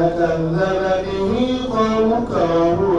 وكذب به قومه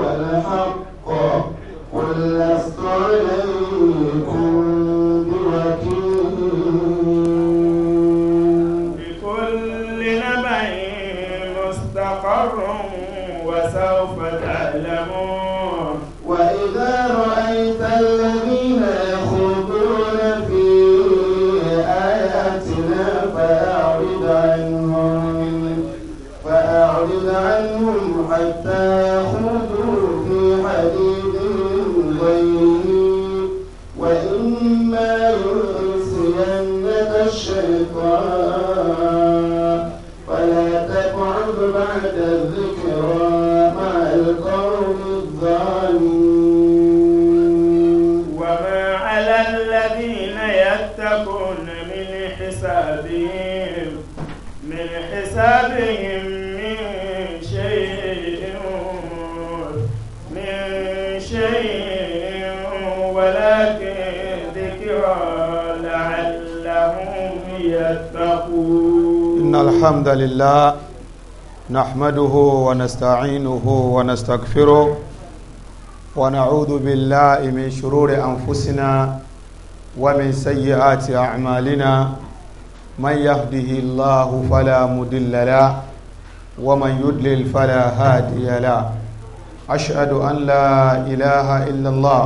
الحمد لله نحمده ونستعينه ونستغفره ونعوذ بالله من شرور أنفسنا ومن سيئات أعمالنا من يهده الله فلا مدل له ومن يدلل فلا هادي له أشهد أن لا إله إلا الله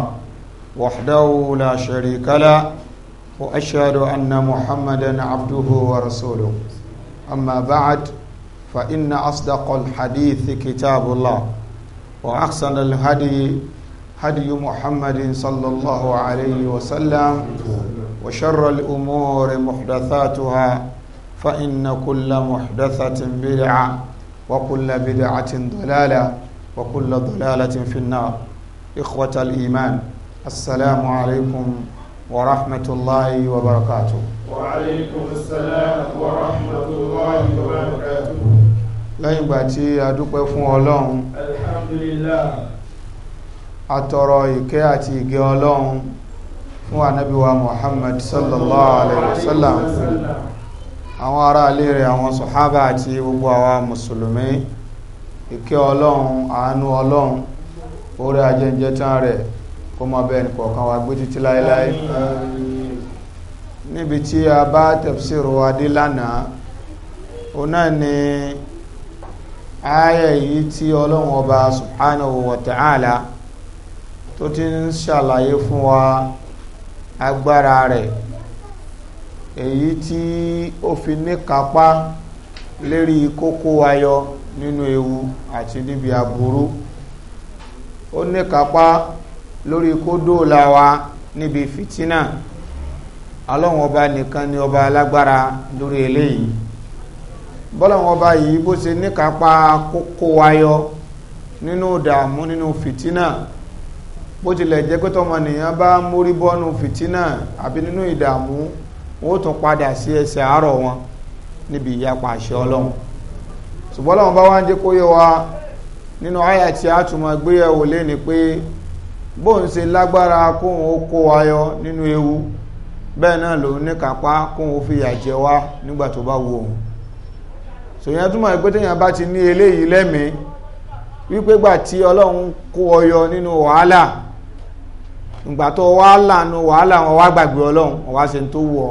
وحده لا شريك له وأشهد أن محمدا عبده ورسوله أما بعد فإن أصدق الحديث كتاب الله وأحسن الهدي هدي محمد صلى الله عليه وسلم وشر الأمور محدثاتها فإن كل محدثة بدعة وكل بدعة ضلالة وكل ضلالة في النار إخوة الإيمان السلام عليكم ورحمة الله وبركاته Wàhálẹ́kùn sálàmù wa rahmatullahi wa barakatuh. Lẹ́yìn ìgbà tí a dúpẹ́ fún Ọlọ́run, Alhamdulillah. A tọrọ ìkẹ́ àti ìgẹ́ Ọlọ́run fún ànábì wa Muhammad sallallahu alaihi wasallam. Àwọn ará ilé rẹ̀ àwọn sọ̀hábà àti gbogbo àwa Mùsùlùmí, ìkẹ́ Ọlọ́run, àánú Ọlọ́run, orí ajẹ́jẹ́ tán rẹ̀ kó mọ́ bẹ́ẹ̀ nìkọ̀ọ̀kan wa gbé títí láéláé. níbi tí a bá tafsiru adé lánàá o náà ni ayẹ̀ yìí tí ọlọ́run ọba subhanahu wa ta'ala tó ti ń ṣàlàyé fún wa agbára rẹ̀ èyí tí ó fi níkápá lérí kókó ayọ nínú ewu àti níbi aburú ó níkápá lórí kó dóòlà wa níbi fìtínà ọlọ́run ọba nìkan ni ọba alágbára lórí eléyìí bọ́lọ́run ọba yìí bó ṣe níkapá kókó wáyọ nínú ìdààmú nínú fìtínà bó tilẹ̀ jẹ́ pé tọmọnìyàn bá mórí bọ́nu fìtínà àbí nínú ìdààmú wọ́n tún padà sí ẹsẹ̀ àárọ̀ wọn níbi ìyapa àṣẹ ọlọ́run ṣùgbọ́n ọlọ́run bá wá ń jẹ́ kó yé wa nínú àyà tí a tún lé ni pé bóun ṣe lágbára kóun ó kó wáyọ nínú ewu bẹ́ẹ̀ náà ló ní kápá kún ó fìyà jẹ wá nígbà tó bá wo òun sòyìn túmọ̀ pé téèyàn bá ti ní eléyìí lẹ́mìí wípé gbà tí ọlọ́run kó ọyọ nínú wàhálà ìgbà tó wàhálà nu wàhálà wọn wá gbàgbé ọlọ́run wọn tó wọ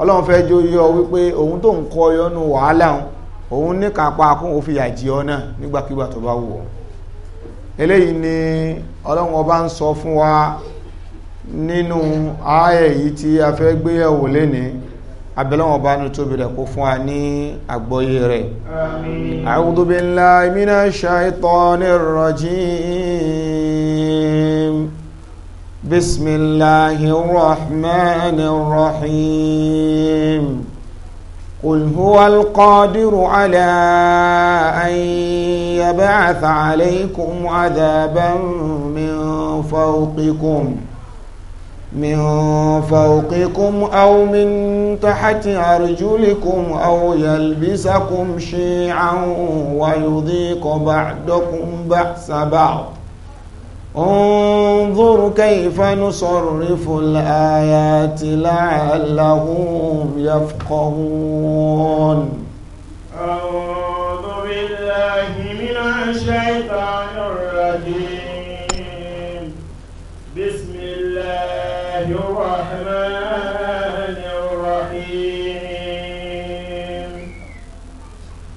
ọlọ́run fẹ́ jó yọ wípé òun tó ń ọyọ nu wàhálà òun ní fìyà ọ náà nínú ààyè yìí tí a fẹ́ gbé yẹ̀wò lénìí abẹ́lẹ́wọ̀n bá ní tóbi rẹ̀ kó fún wa ní àgbọ́yé rẹ̀ a'udhu billahi minash shaitanir rajim bismillahir rahmanir rahim qul huwal qadiru ala an yab'ath alaykum adhaban min fawqikum من فوقكم أو من تحت أرجلكم أو يلبسكم شيعا ويذيق بعدكم بأس بعض انظر كيف نصرف الآيات لعلهم يفقهون أعوذ بالله من الشيطان الرجيم الرحمن الرحيم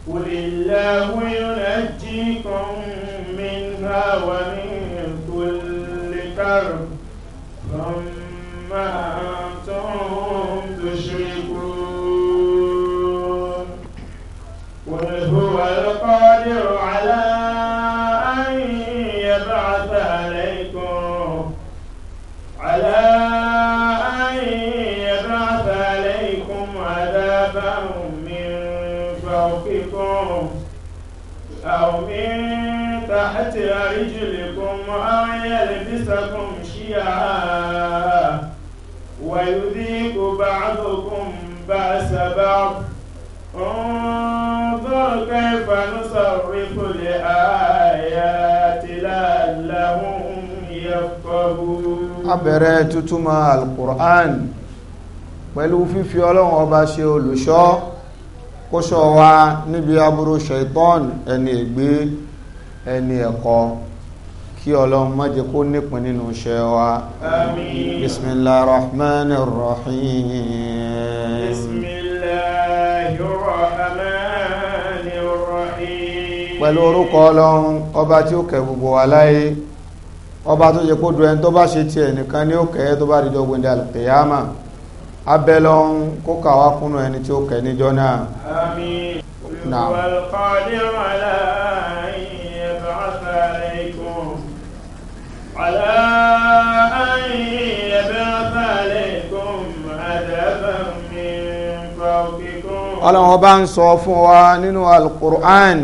قل الله ينجيكم منها ومن كل كرب ثم أو من تحت رجلكم أو يلبسكم شيعا ويذيق بعضكم بأس بعض انظر كيف نصرف الآيات لعلهم يفقهون abẹ̀rẹ̀ tútúmọ̀ alukur'an pẹ̀lú fífi ọlọ́run ọba ṣe olùṣọ́ kó ṣọ́ wa níbi aburú ṣẹ̀tọ́n ẹni ègbé ẹni ẹ̀kọ́ kí ọlọ́run má jẹ́ kó nípìn nínú iṣẹ́ wa àmín bismillahir rahmanir rahim bismillahir rahmanir rahim pẹ̀lú orúkọ ọlọ́run ọba tí ó kẹ gbogbo wa láyé ọba tó jẹ́ kó du ẹni tó bá ṣe tiẹ̀ nìkan ní ó kẹ́ tó bá rí jọ gbẹ̀ndẹ̀ alùkẹ́yàmà abẹ́lọ́n kó kàwá kúnnú ẹni tí ó kẹ níjọ́ náà àmín والقادر على أن يبعث عليكم على أن يبعث عليكم عذابا من فوقكم ọlọ́run ọba ń sọ fún wa nínú alukur'an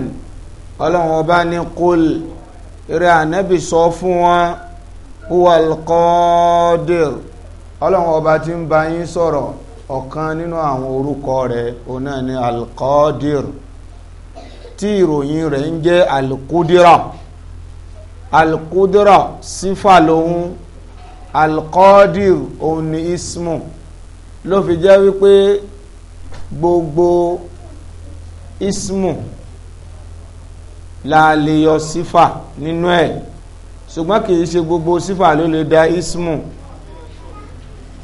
ọlọ́run ọba ní kul eré ànábì sọ fún wa huwa alqadir ọlọ́run ọba tí ń bá yín sọ̀rọ̀ ọ̀kan nínú àwọn orúkọ rẹ̀ òun náà ni alqadir tí ìròyìn rẹ̀ ń jẹ́ alqudira alqudira sífà lòun alqadir òun ni ismu ló fi jẹ́ wípé gbogbo ismu la lè yọ sífà nínú ẹ̀ ṣùgbọ́n kì í ṣe gbogbo sífà ló lè dá ismu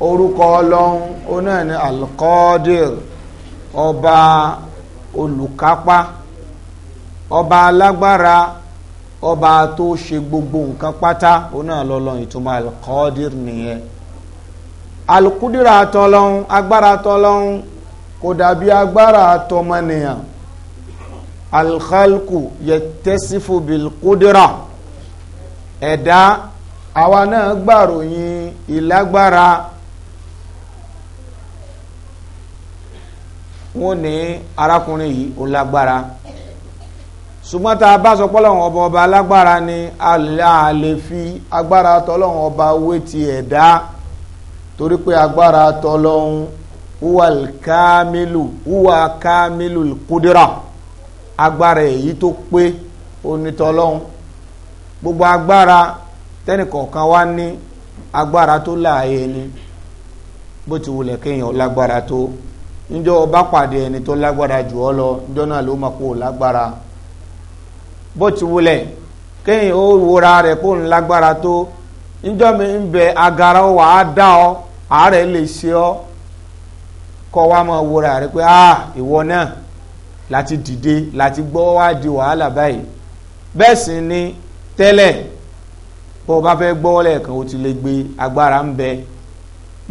orúkọ ọlọ́run onáà ní alqadir ọba olùkápá ọba alágbára ọba tó ṣe gbogbo nǹkan pátá onáà lọ́lọ́run ìtumọ̀ alqadir nìyẹn alukudira tọlọ́run agbára tọlọ́run kò dàbí agbára tọmọnìyàn alkhalku yẹtẹsifu bilkudira ẹ̀dá àwa náà gbàròyìn ìlágbára wọn ní arákùnrin yìí ó lágbára ṣùgbọ́n tá a bá sọ pọ́lọ́wọ́n ọba ọba alágbára ni a lè fi agbára tọ́lọ́wọ́n ọba wé ti ẹ̀dá torí pé agbára tọ́lọ́hún huwa kamilu huwa kamilu kudira agbára èyí tó pé onítọ́lọ́hún gbogbo agbára tẹ́nìkọ̀ọ̀kan wá ní agbára tó láàyè ni bó ti wulẹ̀ kéèyàn lágbára tó. níjọ́ ọba pàdé ẹni tó lágbára jù ọ lọ níjọ́ náà ló máa kó o lágbára bó ti wulẹ̀ kéyìn rẹ̀ kó nlagbara tó níjọ́ mi ń bẹ agara wà á dá ọ àárẹ̀ lè ṣe ọ kọ́ wa máa wura rẹ̀ pé ah ìwọ náà láti dìde láti gbọ́ wá di wàhálà báyìí bẹ́ẹ̀ sì ni tẹ́lẹ̀ bó o bá fẹ́ gbọ́ lẹ́ẹ̀kan o ti lè gbé agbára ń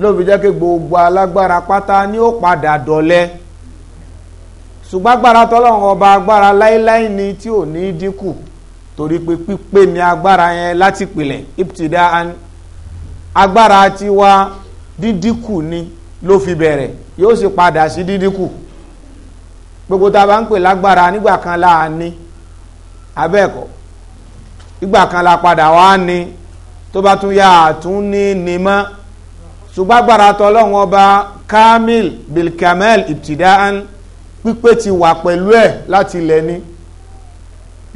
lóbi jẹ́ kí gbogbo alágbára pátá ni ó padà dọ̀lẹ́ ṣùgbọ́n agbára tọ́lọ́run ọba agbára láíláí ni tí ò ní dínkù torí pé pípé ni agbára yẹn láti pilẹ̀ ibtida agbára tiwa dídínkù ni ló fi bẹ̀rẹ̀ yóò sì padà sí dídínkù gbogbo tá a bá ń pè lágbára nígbà kan la ní abẹ́ẹ̀kọ́ ìgbà kan la padà wá ní tó bá tún yá àtún ní ní mọ́ ṣùgbọ́n agbára tọ́lọ́run ọba kamil bilkamel ibtidaan pípé ti wà pẹ̀lú ẹ̀ láti ilẹ̀ ni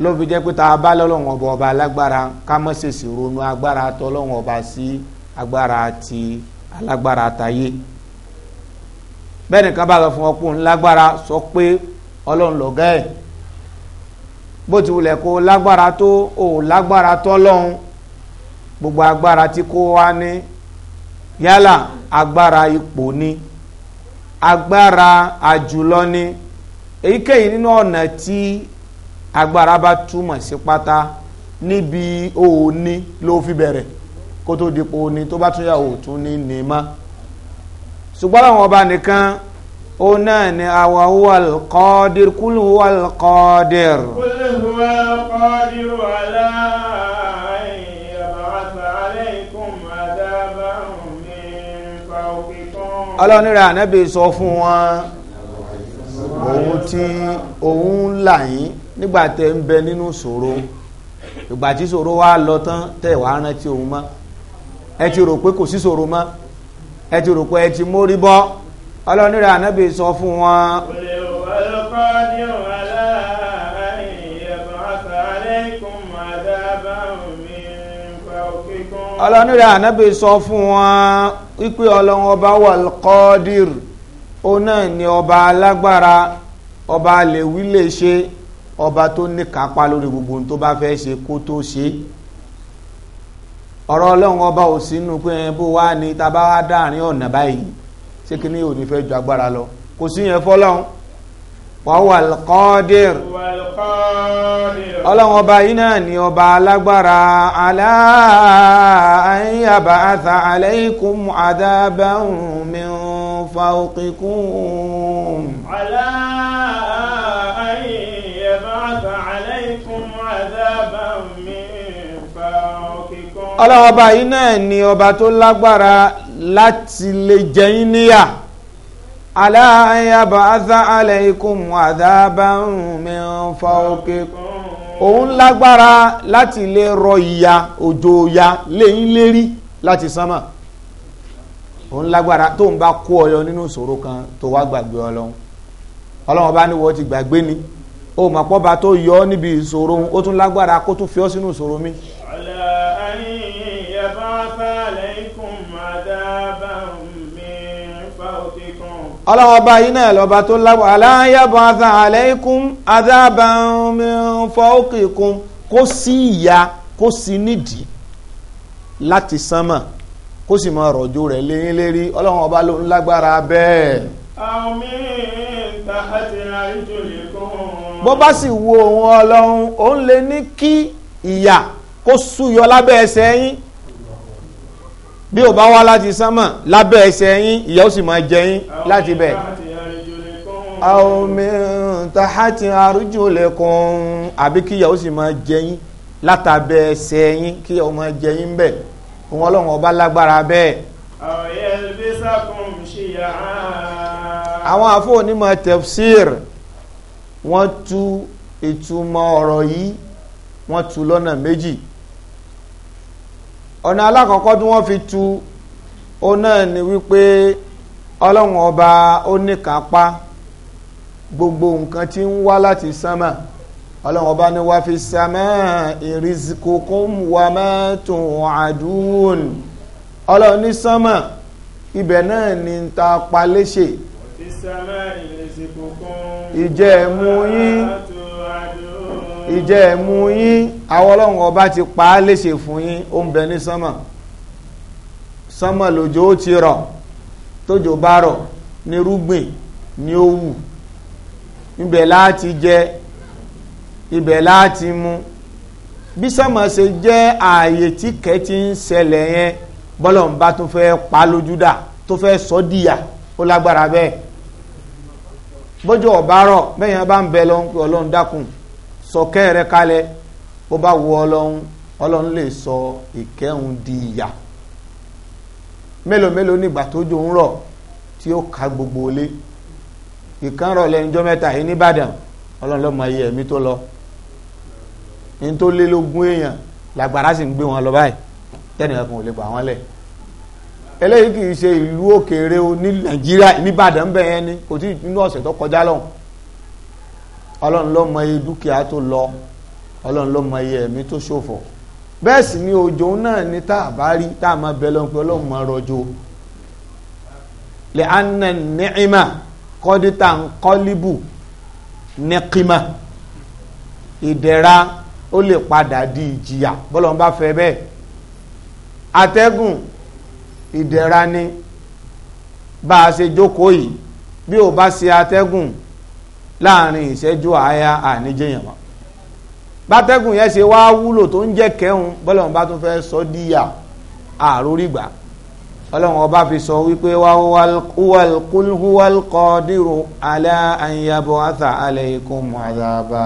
ló fi jẹ́ pé tá a bá lọ́lọ́run ọba ọba alágbára ká ronú agbára tọ́lọ́run ọba sí agbára ti alágbára tayé bẹ́ẹ̀ nìkan bá lọ fún ọkùnrin lágbára sọ pé ọlọ́run lọ̀gá ẹ̀ bó ti wulẹ̀ kó lágbára tó o lágbára tọ́lọ́run gbogbo agbára tí kò wá ní yálà agbára ipò ni agbára àjùlọ ni èyíkéyìí nínú ọ̀nà tí agbára bá túmọ̀ sí pátá níbi òní ló fi bẹ̀rẹ̀ kó tó dipò òní tó bá tún yà òtún ní nìmá ṣùgbọ́n àwọn ọba nìkan ó náà ni àwa wal qadir kúlù wal qadir. kúlù wal qadir wàlá. ọlọ́nira ànábì sọ fún wọn òun tí òun ń là yín nígbà ń bẹ nínú ṣòro ìgbà tí ṣòro wá lọ tán tẹ́ wàá rántí òun mọ́ ẹ ti rò pé kò sí ṣòro mọ́ ẹ ti rò pé ẹ ti mórí bọ́ ọlọ́nira ànábì sọ fún wọn. olè wà lọ́kọ́ ní o. ọlọ́nùrẹ́ ànábì sọ fún wọn wípé ọlọ́run ọba wà kọ́dìr ó náà ni ọba alágbára ọba lèwí lè ṣe ọba tó ní kápá lórí gbogbo ohun tó bá fẹ́ ṣe kó tó ṣe ọ̀rọ̀ ọlọ́run ọba ò sínú pé ẹ bó wá ní tá bá wá dáàrin ọ̀nà báyìí ṣé kí ni ò ní fẹ́ ju agbára lọ kò sí yẹn fọlọ́run wàhùwà lọ́kọ́dìr ọlọ́run ọba yìí náà ni ọba alágbára alá ayéyàbá àtà aláìkùm àdábàhùn mi fàókìkùn. alá ayéyàbá àtà aláìkùm àdábàhùn mi fàókìkùn. ọlọ́run ọba yìí náà ni ọba tó lágbára láti lè jẹ yín níyà. ألا يبعث عليكم عذابا من فوقكم òun lágbára láti lè rọ ìyà òjò ìyà léyìn lérí láti sánmà òun lágbára tó ń bá kó ọyọ nínú ìṣòro kan tó wá gbàgbé ọlọ́run ọlọ́run bá ní wọ́n ti gbàgbé ni ó mọ̀ tó yọ ọ́ níbi ìṣòro ó tún lágbára kó tún fi ọ́ sínú ìṣòro mi ọlọ́wọ́ bá yín náà lọ́ba tó láwọ̀ aláyàbọ̀ adá aláìkún adábàmífọ́ọ́kìkún kó sí ìyá kó sí nídìí láti sánmà kó sì máa rọ̀jò rẹ̀ léyìn lérí ọlọ́wọ́ ọba ló ń lágbára bẹ́ẹ̀. bó bá sì wo òun ọlọ́run òun lè ní kí ìyà kó súyọ lábẹ́ ẹsẹ̀ yín bí ò bá wá láti sánmà lábẹ́ ẹsẹ̀ yín ìyà ó sì máa jẹ yín láti bẹ̀. àwòmí tahati arjulakum àbí kíyà ó sì máa jẹ yín látàbẹ́ ẹsẹ̀ yín kíyà ó máa jẹ yín bẹ̀ òun ọlọ́run ọba lágbára bẹ́ẹ̀. àwọn àfọ onímọ̀ tafsir wọ́n tú ìtumọ̀ ọ̀rọ̀ yìí wọ́n tú lọ́nà méjì ọ̀nà alákọ̀ọ́kọ́ tí wọ́n fi tu ó náà ni wípé ọlọ́run ọba ó níkàápá gbogbo nǹkan tí ń wá láti sánmà ọlọ́run ọba ní wá fi sánmà ìrìsìkòkún wà mẹ́tùn àdúhùn ọlọ́run ní sánmà ibẹ̀ náà ni ń ta paléṣe ìjẹ́ mú yín ìjẹ ẹ̀mú yín àwọn ọlọ́run ọba ti pa á léṣe fún yín ó ń bẹ ní sánmà sánmà lòjò ó ti rọ̀ tójò bá rọ̀ ní rúgbìn ní ó ibẹ̀ láti jẹ ibẹ̀ láti mu bí sánmà ṣe jẹ́ ààyè tí kẹ́ ti ń ṣẹlẹ̀ yẹn bọ́lọ̀ ń bá tó fẹ́ pa lójú dà tó fẹ́ sọ díyà ó lágbára bẹ́ẹ̀ bójú ọ̀bá rọ̀ bẹ́yẹn bá ń bẹ lọ́n ọlọ́run dákun sọkẹ́ rẹ kalẹ̀ ó bá wọ ọlọ́run ọlọ́run lè sọ ìkẹ́hùn di ìyà mélòó mélòó nígbà tójò ń rọ̀ tí ó ka gbogbo ilé ìkànrọ̀ lẹ́yìn ọjọ́ mẹ́ta yìí nìbàdàn ọlọ́run ló mọ iye ẹ̀mí tó lọ ní tó lé lógún èèyàn làgbàrá sì ń gbé wọn lọ báyìí tẹ́nìkan kan ò lè gbà wọ́n lẹ̀ eléyìí kì í ṣe ìlú òkèèrè ní nàìjíríà nìbàdàn bẹ́ẹ̀ ni kò tí inú ọ̀sẹ̀ tó kọjá lọ́hùn ọlọ́run ló mọ iye dúkìá tó lọ ọlọ́run ló mọ iye ẹ̀mí tó ṣòfò bẹ́ẹ̀ sì ni òjò náà ni tá a bá rí tá a máa bẹ lọ́n pé ọlọ́run máa rọ̀jò lè anna ni'ima kọ́dítà ń nìkìmà ìdẹ̀ra ó lè padà di ìjìyà bọ́lọ́n bá fẹ́ bẹ́ẹ̀ atẹ́gùn ìdẹ̀ra ni bá a ṣe jókòó yìí bí ò bá ṣe atẹ́gùn láàrin ìṣẹ́jú àáyá àníjẹyàn mọ́ bátẹ́gùn yẹn ṣe wá wúlò tó ń jẹ́ kẹ́hùn bọ́lọ́run bá tún fẹ́ sọ díyà àrórígbà ọlọ́run ọba fi sọ wípé wàhúwàl kọ́dírù alẹ́ àyàbọ̀ àtà alẹ́ ikú mọ̀ọ́dábà.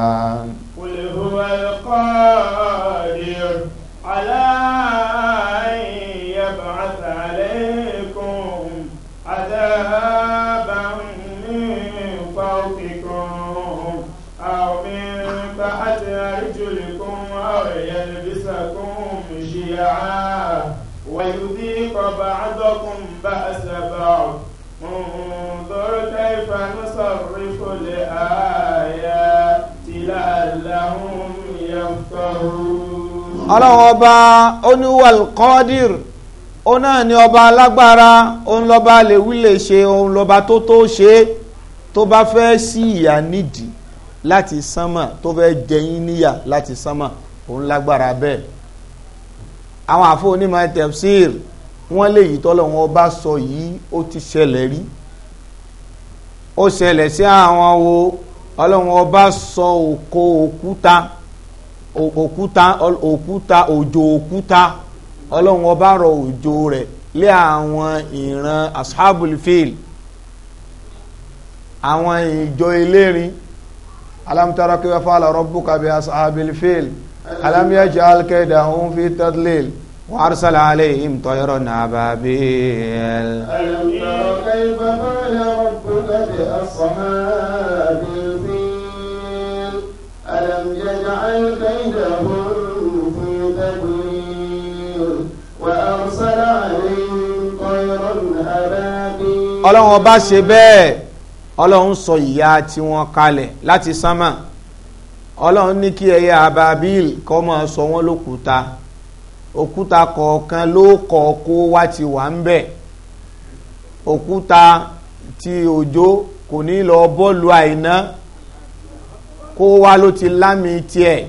wàhúwàl kọ́dírù alẹ́ àyàbọ̀ àtà alẹ́ ikú mọ̀ọ́dábà. ọlọ́run ọba oníwàl kọ́dìr ó náà ní ọba alágbára òun lọ́ba lè wí lè ṣe òun lọ́ba tó tó ṣe tó bá fẹ́ sí ìyà nídìí láti sánmà tó fẹ́ jẹyìn níyà láti sánmà òun lágbára bẹ́ẹ̀ àwọn àfọ onímọ̀ tafsir wọ́n lè yí tọ́lọ́run ọba sọ yìí ó ti ṣẹlẹ̀ rí ó ṣẹlẹ̀ sí àwọn wo ọlọ́run ọba sọ òkò òkúta òkúta òkúta òjò òkúta ọlọ́run ọba rọ òjò rẹ̀ lé àwọn ìran ashabul fil àwọn ìjọ elérin alam tara kayfa fa'ala rabbuka bi ashabil fil alam yaj'al kaydahum fi tadlil وأرسل عليهم طيرا أبابيل ألم تر كيف فعل ربك بأصحاب كيدهم في تدمير وأرسل عليهم طيرا أبابيل ọlọ́run ọba ṣe bẹ́ẹ̀ ọlọ́run sọ ìyà tiwọn kalẹ̀ láti sánmà ọlọ́run ní kí ẹyẹ ababil kọ́ máa sọ wọ́n lókúta òkúta kọ̀ọ̀kan ló kọ̀ wá ti wà ń bẹ̀ òkúta ti òjò kò ní lọ bọ́ọ̀lù àìná kó wá ló ti lámì tiẹ̀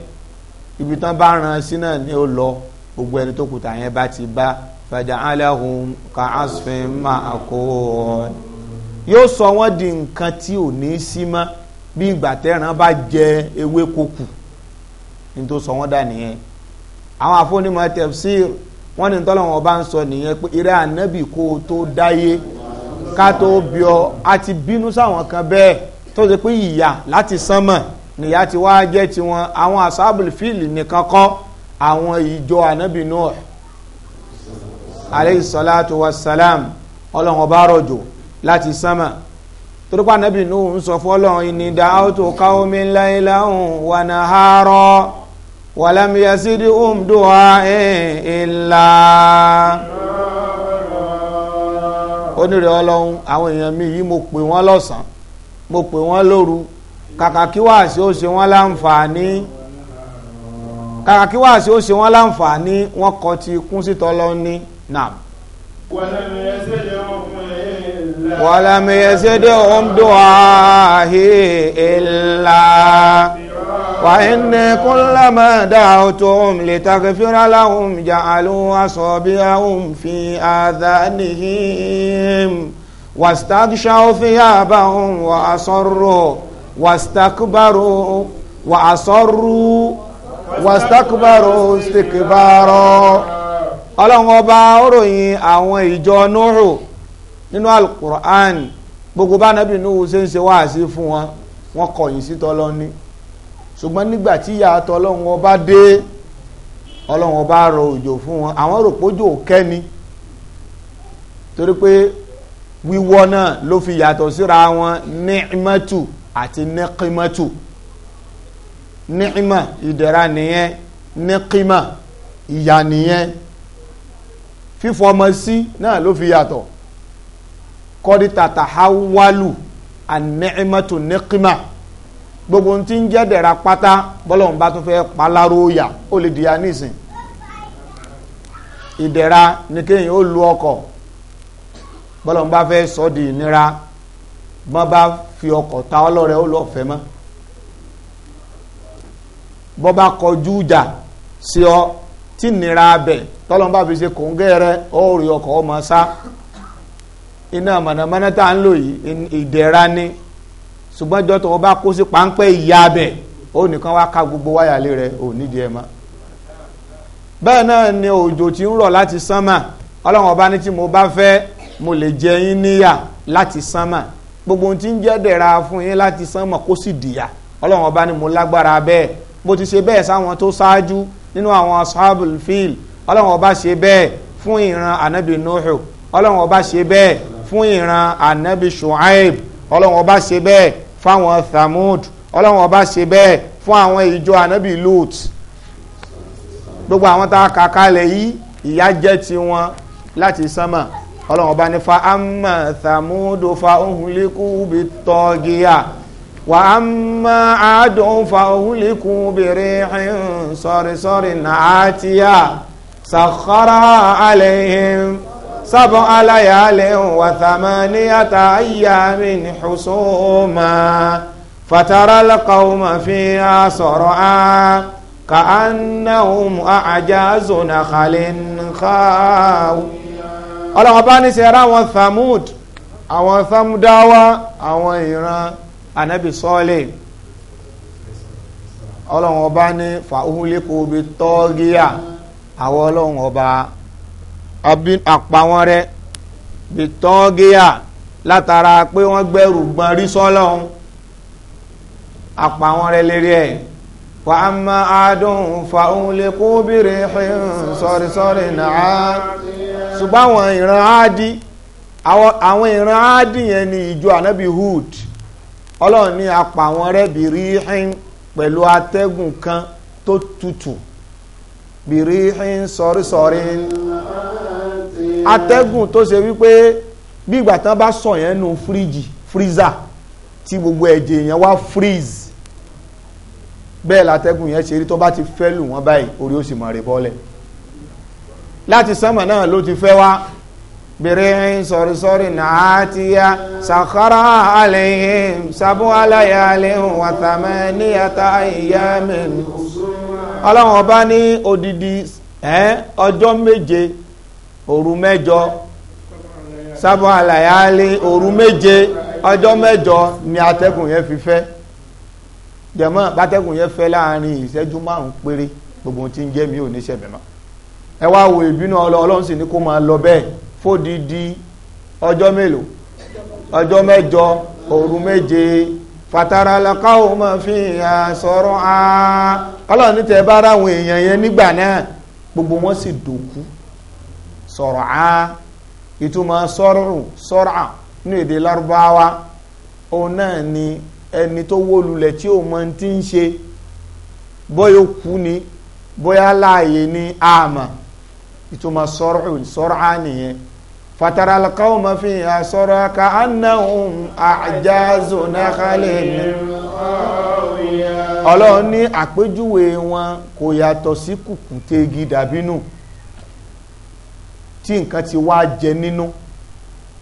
ibi tán bá ran sí náà ni ó lọ gbogbo ẹni tó kùtà yẹn bá ti bá fàjà aláhùn ká asfin máa kó wọn yóò sọ wọ́n di nǹkan tí ò ní sí mọ́ bí ìgbà tẹ́ran bá jẹ ewé kókù ní tó sọ wọ́n dà nìyẹn àwọn àfọ́nímọ̀ tafsir wọ́n ní tọ́lọ̀ wọn bá ń sọ nìyẹn pé eré ànábì kó o tó dáyé ká tó bí ọ àti bínú sáwọn kan bẹ́ẹ̀ tó ṣe pé ìyà láti sánmọ̀ nìyà ti wá jẹ́ tiwọn àwọn asábùl fíìlì nìkan kọ́ àwọn ìjọ ànábì Nuh aleyhi salatu wa salam ọlọ́run ọba rọ̀jò láti sánmà torípa ànábì Nuh ń sọ fọ́lọ́run ìnìdá auto káwọ́mí láìláhùn wà náà hárọ́ wàlámi yasidi umduwa ìlà onírè ọlọ́run àwọn èèyàn mi yìí mo pè wọ́n lọ́sàn-án mo pè wọ́n lóru kàkà kí wàásí ó ṣe wọ́n láǹfààní kàkà kí wàásí ó ṣe wọ́n láǹfààní wọ́n kọ́ ti kún sí tọ́lọ́ ní nàm. wàlámi ẹsẹ̀ dé ọ̀húndùn ààhí ìlà wàhíní kúnlámà dáhùtùm lè tàkìfìrà láhùm jàálù asọ̀bíhàhùm fi àdánìhìm wàstàkṣáwó fìyàbáhùm wà asọ̀rọ̀. واستكبروا وأصروا واستكبروا استكبارا ọlọ́run ọba oròyìn àwọn ìjọ Nuhu nínú alukur'an gbogbo bá nàbì Nuhu ṣe ń ṣe wáàsí fún wọn wọn kọ̀yìn sí tọ́lọ́ni ṣùgbọ́n nígbà tí ìyà tọ́lọ́run ọba dé ọlọ́run ọba rọ òjò fún wọn àwọn rò pójò kẹ́ni torí pé wíwọ́ náà ló fi yàtọ̀ síra wọn ní ìmọ̀tù àti nẹ́kímọ́tù nẹ́kímọ́ ìdẹ̀ra nìyẹn nẹ́kímọ́ ìyà nìyẹn fífọmọ náà ló fi yàtọ̀ kọ́dítà tàháwálù ànẹ́kímọ́tù nẹ́kímọ́ gbogbo tí ń jẹ́ dẹ̀ra pátá bọ́lọ́run bá tún fẹ́ paláró yà ó lè dìyà nísìn ìdẹ̀ra ni kéèyàn ó lu ọkọ̀ bọ́lọ́run bá fẹ́ sọ́ di ìnira bọ́n bá fi ọkọ̀ ta ọlọ́rẹ̀ ó lọ fẹ́ mọ́ bọ́n bá kọjú ìjà sí ọ tí nira abẹ̀ tọ́lọ́n bá fi ṣe kòńgẹ́ rẹ ó rí ọkọ̀ ọmọ sá iná mọ̀nàmọ́ná tá à ń lò yìí ìdẹ̀ra ni ṣùgbọ́n jọ́ tó o bá kó sí páńpẹ́ ìyá abẹ̀ ó nìkan wá ká gbogbo wáyàlé rẹ ò nídìí ẹ̀ mọ́ bẹ́ẹ̀ náà ni òjò tí ń rọ̀ láti sánmà ọlọ́run ọba ní tí mo bá fẹ́ mo lè jẹ yín níyà láti sánmà gbogbo ohun tí ń jẹ́ dẹ̀ra fún yín láti sánmọ̀ kó sì dìyà ọlọ́run ọba ni mo lágbára bẹ́ẹ̀ bó ti ṣe bẹ́ẹ̀ sáwọn tó ṣáájú nínú àwọn ashabul fil ọlọ́run ọba ṣe bẹ́ẹ̀ fún ìran anabi nuhu ọlọ́run ọba ṣe bẹ́ẹ̀ fún ìran anabi shuaib ọlọ́run ọba ṣe bẹ́ẹ̀ fáwọn thamud ọlọ́run ọba ṣe bẹ́ẹ̀ fún àwọn ìjọ anabi lut gbogbo àwọn tá a kà kalẹ̀ yìí ìyà jẹ́ tiwọn láti sánmọ̀ ọlọ́run ọba ní fa amma thamudu fa uhliku bi tọ́gíyà wa amma adùn fa uhliku bi rihin sọ̀rìsọ̀rì nàátìyà sàkọ́rọ̀ àlẹ́yìn sábọ̀ aláyàálẹ̀ wa thamaniyata ayyamin husuma fatara alqawma fiha sar'a ka'annahum a'jazu nakhalin khawin ọlọ́wọ́n bá ní sẹ́ra àwọn thamud àwọn thamudawa àwọn ìran anabi sọ́ọ̀lẹ̀ ọlọ́wọ́n ọba ní fàhúlẹ́kọ̀ obi tọ́gíyà àwọn ọlọ́wọ́n ọba àpàwọn rẹ bi tọ́gíyà látara pé wọ́n gbẹ́rù gbọ́n rí sọ́lọ́hún àpàwọn rẹ lérí ẹ̀ wà á máa dùn fàhúlẹ́kọ̀ obìnrin sọ́rí sọ́rí nàá ṣùgbọ́n àwọn ìran áádí àwọn ìran áádí yẹn ni ìjọ ànábì Hud ọlọ́run ní apà àwọn rẹ̀ bìrìhìn pẹ̀lú atẹ́gùn kan tó tutù bìrìhìn sọrísọrí atẹ́gùn tó ṣe wípé bí ìgbà tán bá sọ yẹn nù fíríjì fíríza tí gbogbo ẹ̀jẹ̀ yẹn wá freeze bẹ́ẹ̀ látẹ́gùn yẹn ṣe rí tó bá ti fẹ́ lù wọ́n báyìí orí ó sì mọ̀ rè bọ́lẹ̀ láti sánmà náà ló ti fẹ́ wá bèrè sọ̀rọ̀ sọ̀rọ̀ náà ti ya sàkárà àlẹ́yìn sábú aláyàlẹ́ wàtàmẹ́ níyàtà ìyàmẹ́ ọlọ́run ọba ní odidi ọjọ́ méje òru mẹ́jọ sábú aláyàlẹ́ òru méje ọjọ́ mẹ́jọ ni atẹ́gùn yẹn fi fẹ́ jẹ̀mọ́ bátẹ́gùn yẹn fẹ́ láàrin ìṣẹ́jú márùn-ún péré gbogbo tí ń jẹ́ mi ò ní ṣẹ̀mẹ̀mọ́ ẹ wá wo ìbínú ọlọ́run sì ní kó máa lọ bẹ́ẹ̀ fódìdí ọjọ́ mélòó ọjọ́ mẹ́jọ òru méje fàtàrà lọ́kọ́ òun máa fi hàn sọ̀rọ̀ àá ọlọ́run ní tẹ́ bá ráwọn èèyàn yẹn nígbà náà gbogbo wọn sì dòkú sọ̀rọ̀ àá ìtumọ̀ sọ́rọ̀ sọ́rọ̀ ní èdè lárúbáwá òun náà ni ẹni tó wó lulẹ̀ tí ó mọ ti ń ṣe bóyá kú ni bóyá láàyè ni àmà. Ah, ìtumọ̀ sọ́rọ̀ sọ́rọ̀ nìyẹn fatara alqawma fiha sọ́rọ̀ ka annahum a'jazu nakhalin ọlọ́run ní àpéjúwe wọn kò yàtọ̀ sí kùkùté igi dàbínú tí nǹkan ti wá jẹ nínú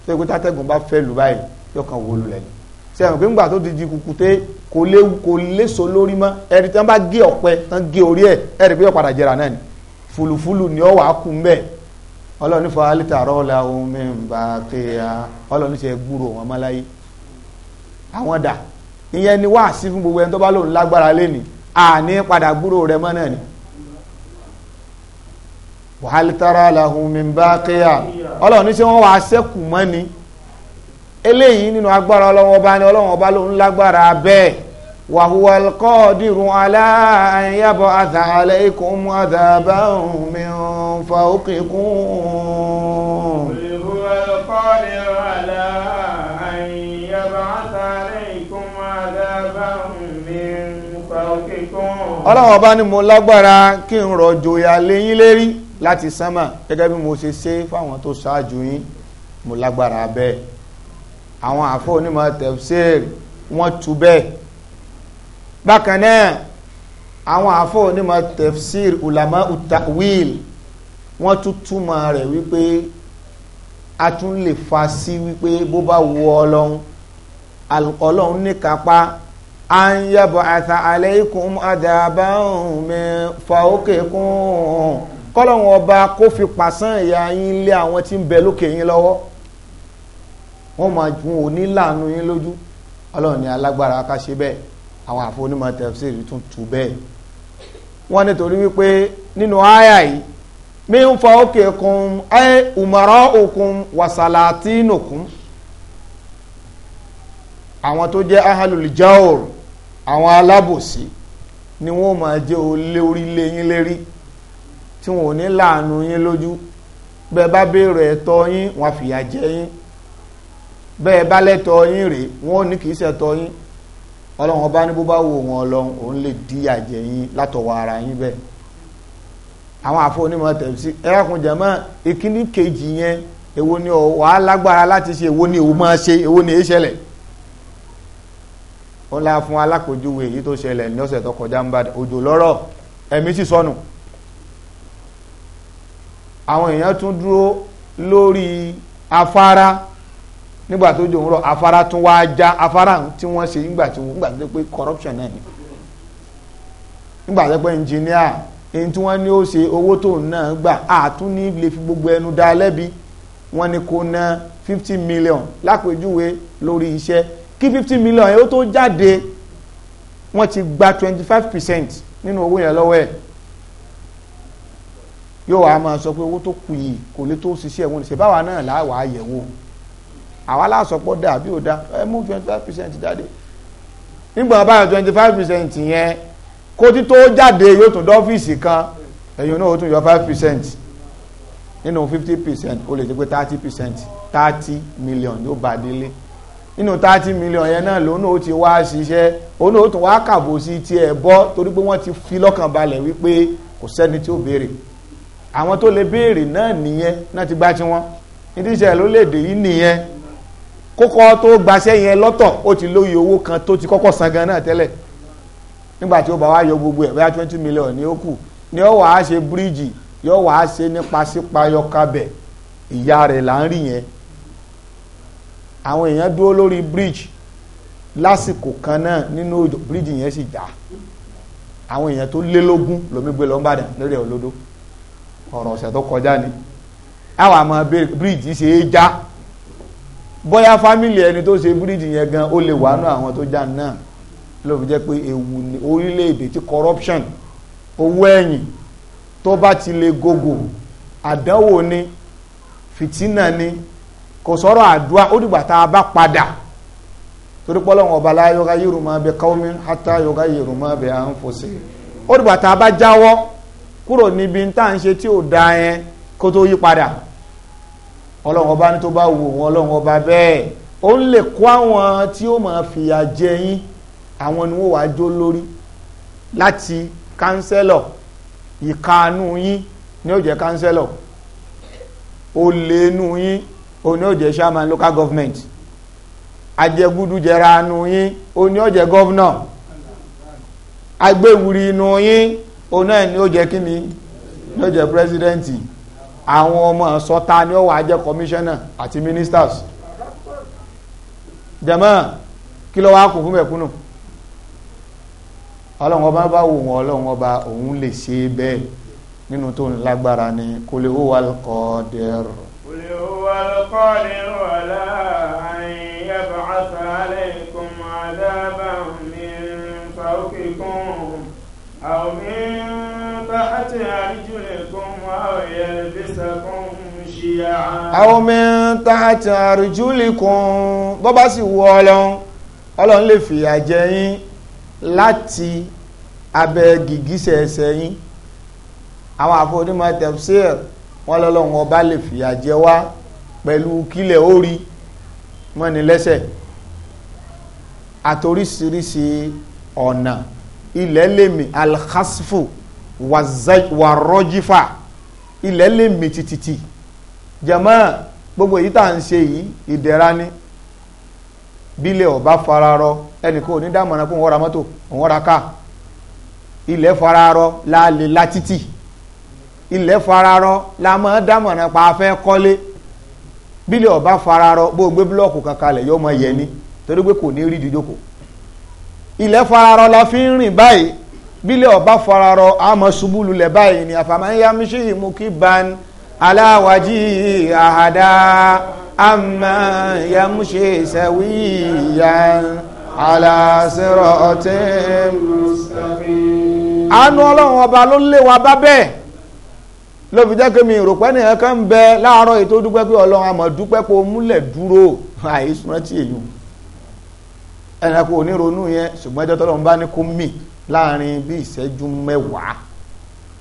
tó ikú tátẹ́gùn bá fẹ́ lù báyìí yóò kàn wó lulẹ̀ ni ṣe àwọn pé ńgbà tó di di kùkùté kò kò léso lórí mọ́ ẹ̀rí tí wọ́n bá gé ọ̀pẹ tán gé orí ẹ̀ ẹ̀rí pé yóò padà jẹrà náà ni fulufulu ni ọ wàá kú mbẹ ọlọ́ni fọ alítàrọ́ la omi nbà kéya ọlọ́ni ṣe gbúrò wọn mọ́láyé àwọn dà ìyẹn ni wàá sí fún gbogbo ẹni tó bá lòun lágbára lẹ́ni àní padà gbúrò rẹ mọ́ náà ni wàhálítàrọ́ la omi nbà kéya ọlọ́ni ṣe wọ́n wàá sẹ́kù mọ́ ni eléyìí nínú agbára ọlọ́wọ́n ọba ni ọlọ́wọ́n ọba lòun lágbára bẹ́ẹ̀ وهو القادر على أن يبعث عليكم عذابا من فوقكم هو القادر على أن يبعث عليكم عذابا من فوقكم ọlọ́run ọba ni mo lágbára kí n rọ̀jò ìyà léyìn lérí láti sánmà gẹ́gẹ́ bí mo ṣe ṣe fáwọn tó ṣáájú yín mo lágbára bẹ́ẹ̀ àwọn àfọ́ onímọ̀ tẹ̀síìrì wọ́n tu bẹ́ẹ̀ bákan náà àwọn àfọ onímọ̀ tefsir ulama utawil wọ́n tún túmọ̀ rẹ̀ wípé a tún lè fa sí wípé bó bá wù ọlọ́run ọlọ́run níkápá an yabọ̀ àtà aleikum adàbáhùn mi fa òkè kún kọ́lọ́run ọba kó fi pàṣán ìyá yín lé àwọn tí ń bẹ lókè yín lọ́wọ́ wọ́n máa jù ú láàánú yín lójú ọlọ́run ní alágbára ká ṣe bẹ́ẹ̀ àwọn àfọnímọ̀ tẹ̀síìrì tún tù bẹ́ẹ̀ wọ́n nítorí wípé nínú àyà yìí mi ń fa òkè kun ẹ ùmọ̀rọ̀ òkun wàsàlátínùkún àwọn tó jẹ́ ahalùlìjáòrò àwọn alábòsí ni wọ́n máa jẹ́ olé orílẹ̀ yín lérí tí wọ́n ò ní láàánú yín lójú bẹ́ẹ̀ bá béèrè ẹ̀tọ́ yín wọ́n fìyà jẹ yín bẹ́ẹ̀ bá lẹ́tọ̀ọ́ yín rèé wọ́n ní kìí ṣẹ̀tọ́ yín ọlọ́run ọba ní bó bá wo wọn ọlọ́run òun lè di àjẹ yín látọwọ́ ara yín bẹ́ẹ̀ àwọn àfọ onímọ̀ tẹ̀sí ẹ̀rọ̀kùn jẹ̀mọ́ ìkíní kejì yẹn èwo ni ọ wàá lágbára láti ṣe èwo ni èwo máa ṣe èwo ni èé ṣẹlẹ̀ ó la fún alákòójúwe èyí tó ṣẹlẹ̀ ní ọ̀sẹ̀ tó kọjá ń bá òjò lọ́rọ̀ ẹ̀mí sì sọnù àwọn èèyàn tún dúró lórí afárá nígbà tó jò ń rọ afárá tún wá já afárá tí wọ́n ṣe nígbà tí wọ́n gbà tó pé corruption náà ni nígbà tó pé engineer èyí tí wọ́n ní ó ṣe owó tó náà gbà àtún ní lè fi gbogbo ẹnu dá lẹ́bi wọ́n ní kó ná fifty million lápèjúwe lórí iṣẹ́ kí fifty million yẹn ó tó jáde wọ́n ti gba twenty five percent nínú owó yẹn lọ́wọ́ ẹ̀ yóò wá máa sọ pé owó tó kù yìí kò lè tó ṣiṣẹ́ wọn ṣe báwa náà láwàá yẹ̀wò àwa láàsọpọ̀ dà bí ò dá ẹ mú twenty five percent jáde nígbà bá yọ twenty five percent yẹn kó tí tó jáde yóò tún dọ́fíìsì kan ẹ̀yìn náà ó tún yọ five percent nínú fifty percent ó lè jẹ́ pé thirty percent thirty million yóò bá délé nínú thirty million yẹn náà lòun náà ó ti wá ṣiṣẹ́ òun náà ó tún wá kàbò sí tiẹ̀ bọ́ torí pé wọ́n ti fi lọ́kàn balẹ̀ wípé kò sẹ́ni tí ó béèrè àwọn tó lè béèrè náà nìyẹn náà ti gbá tiwọn ní tíṣẹ́ ló lè dè yí nìyẹn kókó tó gbaṣẹ́ yẹn lọ́tọ̀ ó ti lóye owó kan tó ti kọ́kọ́ san gan náà nígbà tí ó bá wá yọ gbogbo ẹ̀ bóyá twenty million ni ó kù ni ó wàá ṣe bíríìjì yóò wàá ṣe nípa sípayọ kabẹ̀ ìyá rẹ̀ là ń rí yẹn àwọn èèyàn dúró lórí bíríìjì lásìkò kan náà nínú bíríìjì yẹn sì dá àwọn èèyàn tó lé lógún lómi gbé lọ́nbàdàn lórí ẹ̀ ọ̀rọ̀ ọ̀sẹ̀ tó kọjá ni àwọn àmọ́ bíríìjì ṣe é já bóyá fámìlì ẹni tó ṣe bíríìjì yẹn gan ó lè wà nù àwọn tó jà náà ló fi jẹ́ pé ewu orílẹ̀-èdè tí corruption owó ẹ̀yìn tó bá ti lè gògò àdánwò ni fìtínà ni kò sọ̀rọ̀ àdúrà ó dìgbà tá a bá padà torí pé Ọlọ́hun ọba la yughayyiru ma bi qawmin hatta yughayyiru ma bi anfusihim ó dìgbà tá a bá jáwọ́ kúrò níbi tá à ń ṣe tí ò da yẹn kó tó yí padà ọlọ́run ọba ní tó bá wù wọn ọlọ́run ọba bẹ́ẹ̀ ó ń lè kó àwọn tí ó máa fìyà jẹ yín àwọn ni wọ́n wàá jó lórí láti kánsẹ́lọ̀ ìkaanú yín ni ó jẹ́ kánsẹ́lọ̀ yín ó ní ó jẹ́ local government ajẹgúdújẹra nu yín ó ní ó governor agbéwuri nu yín ó náà ni ó jẹ́ kíni ni president yìí àwọn ọmọ sọta ni ó wà jẹ́ kọmíṣánná àti ministers jẹ́mọ́ kí ló wá kù fún mẹ̀kúnnù ọlọ́run ọba bá wò wọn ọlọ́run ọba òun lè ṣe bẹ́ẹ̀ nínú tó ń lágbára ni kò lè ó wà lọ́kọ́ kò lè ó wà lọ́kọ́ ọ̀la àyìn yẹ́bà àṣà alẹ́ àdábà mi fàókè kún àwọn mi bá àti àríjù أو يلبسكم شيعا أو من تحت أرجلكم bó bá sì wù ọlọ́run ọlọ́run lè fìyà jẹ yín láti abẹ́ gìgísẹ̀ ẹsẹ̀ yín àwọn àfọdúnmọ̀ tafsir wọn lọ́lọ́run ọba lè fìyà jẹ wá pẹ̀lú kílẹ̀ orí mọ́ni lẹ́sẹ̀ àtoríṣiríṣi ọ̀nà ilẹ̀ lèmi alkhasfu wàrọ́jífà. Wa ilẹ̀ lè mì tìtìtì jẹ̀mọ́ gbogbo èyí tá à ń ṣe yìí ìdẹ̀ra ni bílẹ̀ ọ̀bá fararọ ẹnìkan ò ní dámọ̀ràn fún òun ra mọ́tò òun ra ilẹ̀ fararọ láàlè látítì ilẹ̀ fararọ la máa dámọ̀ràn pa afẹ́ kọ́lé bílẹ̀ ọ̀bá fararọ bó o gbé búlọ́ọ̀kù kankan lẹ̀ yóò máa yẹ ni torí pé kò ní rí ìdíjókòó ilẹ̀ fararọ la fi ń rìn báyìí bílẹ̀ ọba fararọ àmọ́ ṣubú lulẹ̀ báyìí ni àfàmáyámíṣí mukiban aláwájí àhàdá àmà yámúṣe sẹ́wìyà aláṣẹ́rọ̀ ọ̀tẹ́ àánú ọlọ́run ọba ló lé wa bá bẹ́ẹ̀ ló fi jẹ́ kémi ìròpẹ́ nìyẹn kan ń bẹ láàárọ̀ ètò dúpẹ́ pé ọlọ́run àmọ̀ dúpẹ́ pé o múlẹ̀ dúró àìsùn rántí èyí ẹnìkan kò yẹn ṣùgbọ́n ẹjọ́ tọ́lọ́run bá ní kó mì láàrin bí ìṣẹ́jú mẹ́wàá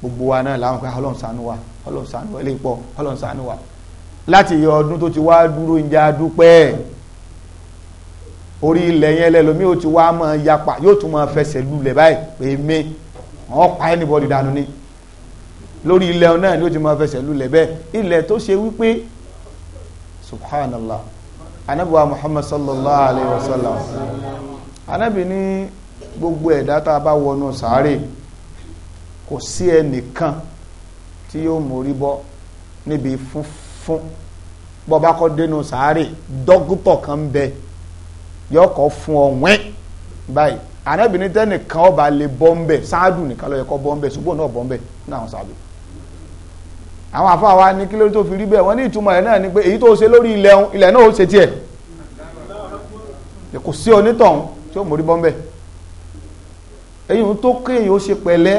gbogbo wa náà láwọn pé ọlọ́run ṣàánú wa ọlọ́run ṣàánú wa eléyìí pọ̀ ọlọ́run ṣàánú wa láti yọ ọdún tó ti wá dúró ń ja dúpẹ́ orí ilẹ̀ yẹn lẹ́lòmí ó ti wá mọ́ yapa yóò tún mọ́ fẹsẹ̀ lulẹ̀ báyìí pé mé wọ́n pa anybody dànù ni lórí ilẹ̀ náà ni ó ti mọ́ fẹsẹ̀ lulẹ̀ bẹ́ẹ̀ ilẹ̀ tó ṣe wípé subhanallah anabiwa muhammad sallallahu alayhi wa sallam anabi ni gbogbo ẹ̀dá tá a bá wọnú sàárè kò sí ẹnìkan tí yóò mórí bọ́ níbi fúnfún bọ́bá kọ́ dénú sàárè dókítọ̀ kan bẹ yọkọ̀ fún ọ̀wẹ́n báyìí arábìnrin tẹ́nìkan ọba lè bọ́ ń bẹ̀ sáádù nìkan ló yẹ kó bọ́ ń bẹ̀ ṣùgbọ́n náà bọ́ ń bẹ̀ náà àwọn sàbẹ̀ àwọn àfa wa ní kí lórí tó fi rí bẹ́ẹ̀ wọ́n ní ìtumọ̀ ẹ̀ náà ni pé èyí tó ṣe lórí ilẹ̀ ilẹ̀ náà ó ṣe tiẹ̀ kò sí onítọ̀hún tí ó mórí bọ́ ń bẹ̀ èyí tó kéèyàn ó ṣe pẹ̀lẹ́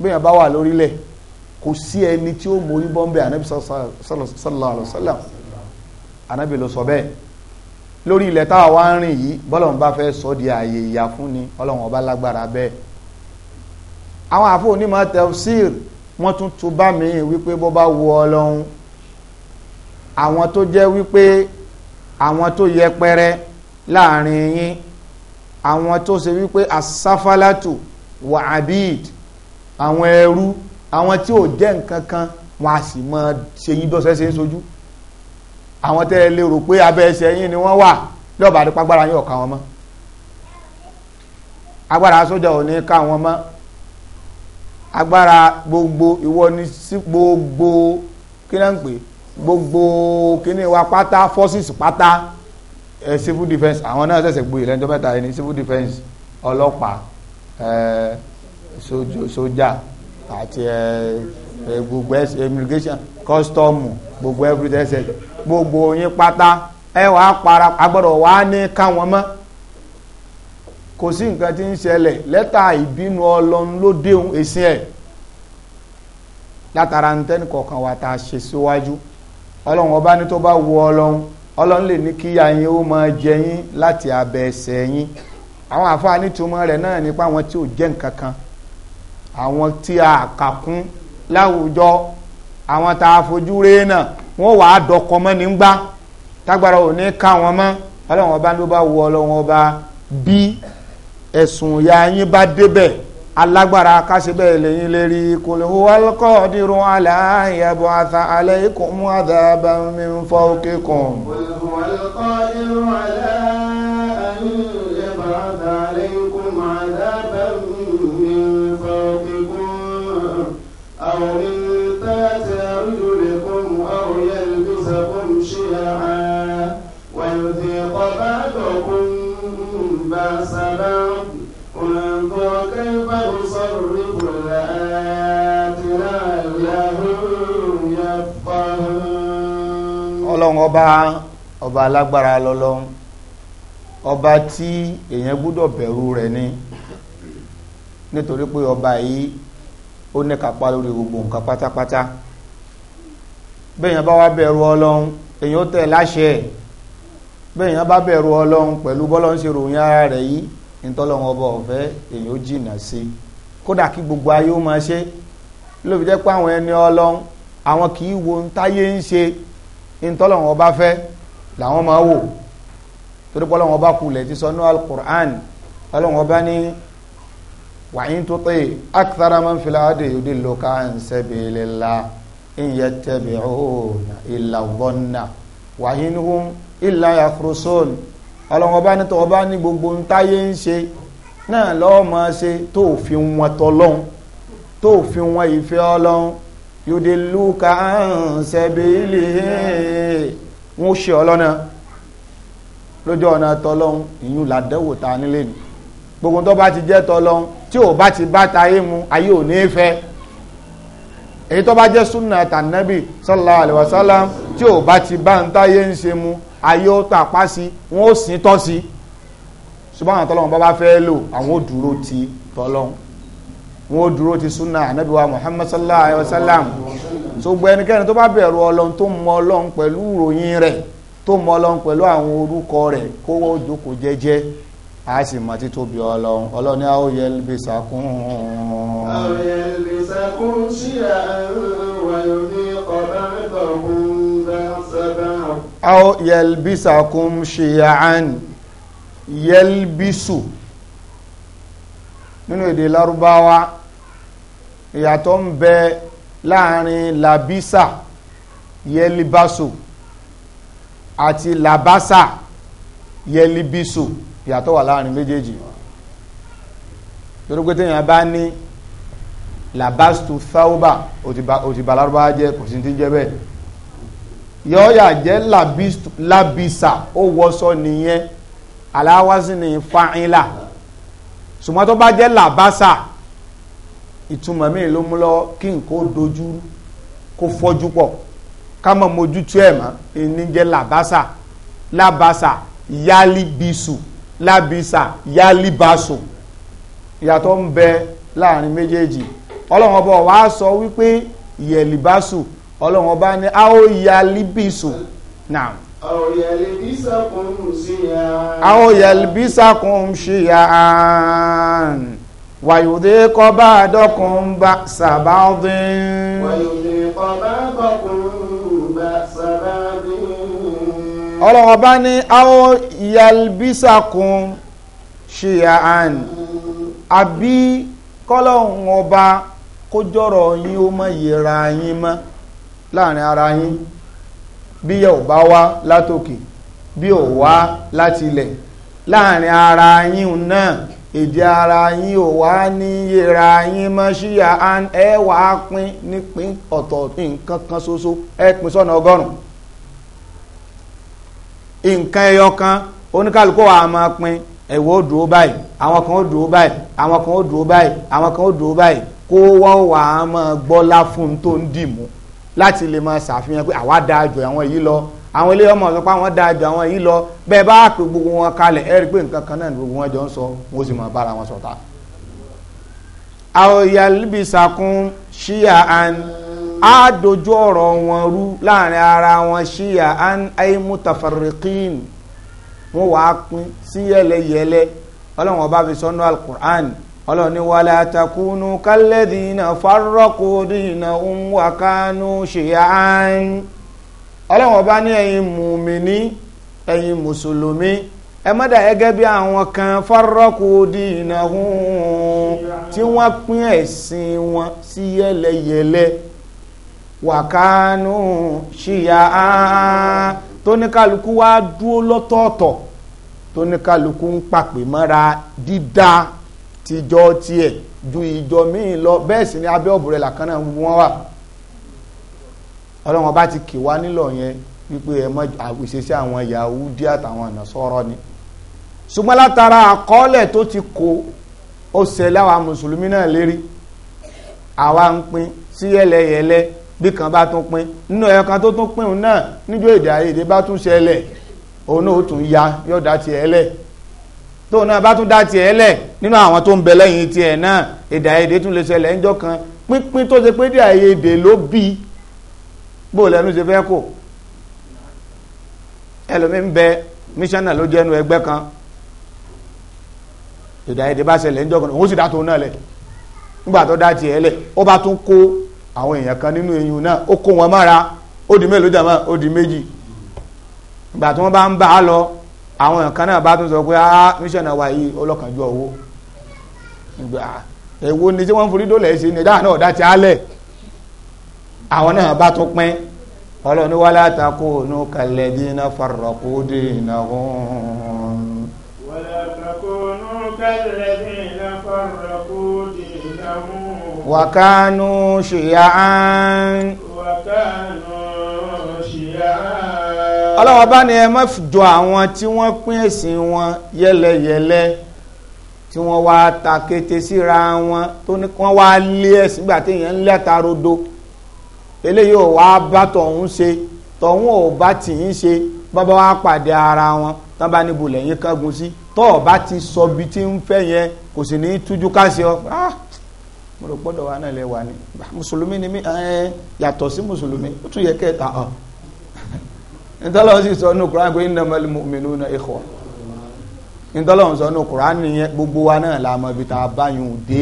bẹ́yàn bá wà lórílẹ̀ kò sí ẹni tí ó mórí bọ́m̀bẹ̀ ànábì sallallahu alaihi wasallam ànábì ló sọ bẹ́ẹ̀ lórí ilẹ̀ táwa wá ń rìn yìí bọ́lọ̀n bá fẹ́ sọ di ààyè ìyà fún ni ọlọ́run ọba lágbára bẹ́ẹ̀ àwọn àfọ onímọ̀ tafsir wọ́n tún tún bá mi wípé bó bá wu ọlọ́run àwọn tó jẹ́ wípé àwọn tó yẹpẹrẹ láàrin yín àwọn tó ṣe wípé asafalatu wà abid àwọn ẹrú àwọn tí ò jẹ́ nǹkan kan wọn a sì mọ ṣe yín dọ́sẹ̀ ṣe ń sojú àwọn tẹ́ ẹ lérò pé abẹ́ ẹsẹ̀ yín ni wọ́n wà lọ́ba àdúpá agbára yín ọ̀ka wọn mọ́ agbára sójà ò ní ká wọn mọ́ agbára gbogbo ìwọ ni sí gbogbo kí náà ń pè gbogbo kí ni wa pátá forces pátá ẹ eh, civil defence àwọn náà ṣẹ̀ṣẹ̀ gboyè lẹ́jọ́ mẹ́ta ẹni civil defence ọlọ́pàá ẹ eh, sójà àti eh, ẹ gbogbo immigration custom gbogbo everything ẹsẹ̀ gbogbo yín pátá ẹ wàá para agbọ́dọ̀ wàá ní káwọn mọ́ kò sí nǹkan tí ń ṣẹlẹ̀ lẹ́tà ìbínú ọlọ́run ló déhùn èsì ẹ̀ látara ntẹ́nìkọ̀ọ̀kan wa ta ṣe síwájú ọlọ́run ọba ní tó bá wu ọlọ́run ọlọ́run lè ní kíyà yín ó máa jẹ yín láti abẹ ẹsẹ̀ yín àwọn àfáà nítumọ̀ rẹ̀ náà nípa àwọn tí ò jẹ́ nǹkan kan àwọn tí a kàkún láwùjọ àwọn tá a fojú ré náà wọ́n wàá dọkọ mọ́ nígbà tágbára ò ní ká wọn mọ́ ọlọ́run ọba ló bá wọ ọlọ́run ọba bí ẹ̀sùn ìyá yín bá débẹ̀ alágbára káṣe bẹ́ẹ̀ lẹ́yìn lérí kul huwal qadiru ala yab'atha alaykum adhaban min fawqikum. kul huwal qadiru ala an yab'atha alaykum adhaban min fawqikum aw min tahti arjulikum انظر نصرف الآيات لعلهم يفقهون ọlọ́run ọba ọba alágbára lọlọ ọba tí èèyàn gbúdọ̀ bẹ̀rù rẹ̀ ni nítorí pé ọba yìí ó ní kápá lórí gbogbo nǹkan pátápátá bẹ́ẹ̀yàn bá wá bẹ̀rù ọlọ́run èèyàn ó tẹ̀ láṣẹ bẹ́ẹ̀yàn bá bẹ̀rù pẹlú ṣe yìí ntọ́lọ́wọ́n ọba ọ̀fẹ́ èyàn ó jìnà sí kódà kí gbogbo ayé ó máa ṣe ló fi jẹ́ pé àwọn ẹni ọlọ́run àwọn kì í wo ntáyé ń ṣe ntọ́lọ́wọ́n ọba fẹ́ làwọn máa wò torí pọ́lọ́wọ́n ọba kulẹ̀ ti sọ ní alukur'an ọlọ́wọ́n ọba ní wàyí tó tẹ̀ akitara máa ń fi láàdè yóò lóka ń la ń yẹ tẹ̀bẹ̀ẹ́ ó wàyí ni hum ìlà yàtúrọ̀ ọlọ́run ọba ní tó ọba ní gbogbo ń táyé ń ṣe náà lọ́ọ́ máa ṣe tó fi wọn tọ́lọ́hún tó fi wọn ìfẹ́ ọlọ́run yóde lúkà ń sẹ́bílì wọn ṣe ọlọ́nà lójú ọ̀nà tọ́lọ́hún ìyún làdẹ́wò ta nílé ni gbogbo tó bá ti jẹ́ tọ́lọ́hún tí ò bá ti bá tayé mu ayé ò ní fẹ́ èyí tó bá jẹ́ súnà tànàbì sallallahu alaihi wasallam tí ò bá ti bá ń táyé ń ṣe mu ayé ó tàpá sí wọn ó sìn tọ́ sí ṣùgbọ́n àwọn tọ́lọ́wọ́n bá bá fẹ́ lò àwọn ó dúró ti tọ́lọ́wọ́n wọn ó dúró ti súnà ànábì Muhammad sallallahu alayhi wa sallam ṣùgbọ́n ẹnikẹ́ni tó bá bẹ̀rù ọlọ́run tó mọ ọlọ́run pẹ̀lú ìròyìn rẹ̀ tó mọ ọlọ́run pẹ̀lú àwọn orúkọ rẹ̀ kó wọ́n jókòó jẹ́jẹ́ a sì mọ títóbi ọlọ́run ọlọ́run ní àwọn yẹn bí sàkún. àwọn yẹn bí sàkún ṣíra àwọn ọ̀rọ̀ ní ọ̀rọ̀ ẹ̀dọ̀gún bá sábà aw yalbisakum shiya'an yalbisu nínú èdè lárúbáwá ìyàtọ̀ ń bẹ láàrin labisa yelibaso àti labasa yelibiso ìyàtọ̀ wà láàrin méjèèjì torí pé téèyàn bá ní labastu thawba òtìbà lárúbáwá jẹ́ kò sí ti jẹ́ bẹ́ẹ̀ yọ́ọ̀yà jẹ́ labisa ó wọṣọ nìyẹn aláwásí ni fáńlá ṣùgbọ́n tó bá jẹ́ labasa ìtumọ̀ míì ló mú lọ kí n kó dojú kó fọ́jú pọ̀ ká mọ̀ mójútó ẹ̀ mọ́ ní jẹ́ labasa labasa yálíbisu labisa yálíbasu ìyàtọ̀ ń bẹ láàrin méjèèjì ọlọ́run ọba wa sọ wípé yẹ̀líbasu ọlọ́run ọba ní aoyalibisu naam aoyalibisakum ṣiyaan wàyòdè kọba àdọkùn bá sàbáwọ́dín wàyòdè kọba àdọkùn bá sàbáwọ́dín ọlọ́run ọba ní aoyalibisakum ṣiyaan àbí kọ́lọ́run ọba kójọ́rọ̀ yín ó mọ̀ yẹra yín mọ́ láàrin ara yín bí yẹ ò bá wá látòkè bí ò wá láti ilẹ̀ láàrin ara yín náà èdè ara yín ò wá ní yẹra yín mọ́ síyà ẹ wà á pín nípín ọ̀tọ̀ nǹkan kan ṣoṣo ẹ pín sọ́nà ọgọ́rùn nǹkan ẹyọ oníkálukú wa máa pín ẹ̀wọ́ ó dúró báyìí àwọn kan ó dúró báyìí àwọn kan ó dúró báyìí àwọn kan ó dúró báyìí kó wọ́n wà á máa gbọ́lá fún un tó ń dì mú láti lè máa ṣàfihàn pé àwa dáa jù àwọn yìí lọ àwọn ilé ọmọ sọ pé àwọn dáa jù àwọn yìí lọ bẹ́ẹ̀ bá pè gbogbo wọn kalẹ̀ ẹ rí i pé nǹkan kan náà ni gbogbo wọn jọ ń sọ wọn ó sì máa bára wọn sọ̀tá. àwòyà libisakun ṣíyà an á dojú ọ̀rọ̀ wọn rú láàrin ara wọn ṣíyà an ay mutafarriqin wọn wàá pín sí yẹlẹyẹlẹ ọlọ́run ọba fi sọ́nù alukur'an ọlọ́run ni wàlá àtàkùnú kálẹ́dìínà fárọ́kùdìínà òǹwàkánú ṣìyàn ọlọ́run ọba ní ẹ̀yin mùmíní ẹ̀yin mùsùlùmí ẹ má dà gẹ́gẹ́ bí àwọn kan fárọ́kùdìínà tí wọ́n pín ẹ̀sìn wọn sí yẹ́lẹyẹ̀lẹ wàkánú ṣìyàn tóníkàlùkù wá dúró lọ́tọ̀ọ̀tọ̀ tóníkàlùkù ń pàpè mọ́ra dídá tìjọ tiẹ̀ ju ìjọ míì lọ bẹ́ẹ̀ sì ni abẹ́ ọ̀bùrẹ̀ làkàn náà wọ́n wà ọlọ́run ọba ti kì wá nílọ̀ yẹn wípé ẹ mọ ìṣesí àwọn Yahudi àtàwọn ọ̀nà sọ̀rọ̀ ni ṣùgbọ́n látara àkọọ́lẹ̀ tó ti kó ó ṣẹlẹ̀ àwọn mùsùlùmí náà lérí àwa ń pín sí yẹlẹyẹlẹ bí kan bá tún pín nínú ẹ̀yọ kan tó tún pín òun náà níjó èdè àìyedè bá tún ṣẹlẹ̀ òun náà ó tún ya yọ̀dá tiẹ̀ lẹ̀ tó náà bá tún dá tiẹ̀ lẹ̀ nínú àwọn tó ń bẹ lẹ́yìn tiẹ̀ náà èdè àìyedè tún lè ṣẹlẹ̀ ńjọ́ kan pínpín tó ṣe pé èdè àìyedè ló bí bó lẹ́nu ṣe fẹ́ kò ẹlòmí ń bẹ míṣánná ló jẹ́nu ẹgbẹ́ kan èdè àìyedè bá ṣẹlẹ̀ ńjọ́ kan òun sì dá tó náà lẹ̀ nígbà tó dá tiẹ̀ lẹ̀ ó bá tún kó àwọn èèyàn kan nínú eyín náà ó kó wọn mára ó di mélòó jàmá ó di méjì ìgbà tí wọ́n bá ń bá a lọ àwọn nǹkan náà bá tún sọ pé ah mission wa yìí ọlọ́kànjú owó ìgbà èwo ni tí wọ́n ń forí dólẹ̀ ṣe ni dáhà náà dá ti àwọn náà bá tún pín ọlọ́ni wala takunu kalladina farraqu dinahum. wala takunu kalladina farraqu dinahum. wa kanu shi'an. wa kanu ọlọ́wọ́n bá ní ẹ má jọ àwọn tí wọ́n pín ẹ̀sìn wọn yẹ́lẹyẹ̀lẹ tí wọ́n wá ta kété síra wọn tó ní wọ́n wá lé ẹ̀sìn gbà téèyàn ń lẹ́ta rodo eléyìí ò wá bá tọ̀hún ṣe tọ̀hún ò bá tì í ṣe bọ́bá wá pàdé ara wọn tán bá níbo lẹ́yìn kángun sí tọ́ ọ bá ti sọ bí tí ń fẹ́ yẹn kò sì ní tújú ká ọ ah! mo rò gbọ́dọ̀ wa náà lẹ wà mùsùlùmí ni mí yàtọ̀ sí mùsùlùmí ó tún yẹ kẹta ntọ́lọ́wọ́ sì sọ nù kúrán pé innamal mu'minuna ikhwa ntọ́lọ́wọ́ sọ nù kúrán nìyẹn gbogbo wa náà la mọ̀ ibi tá a bá yùn dé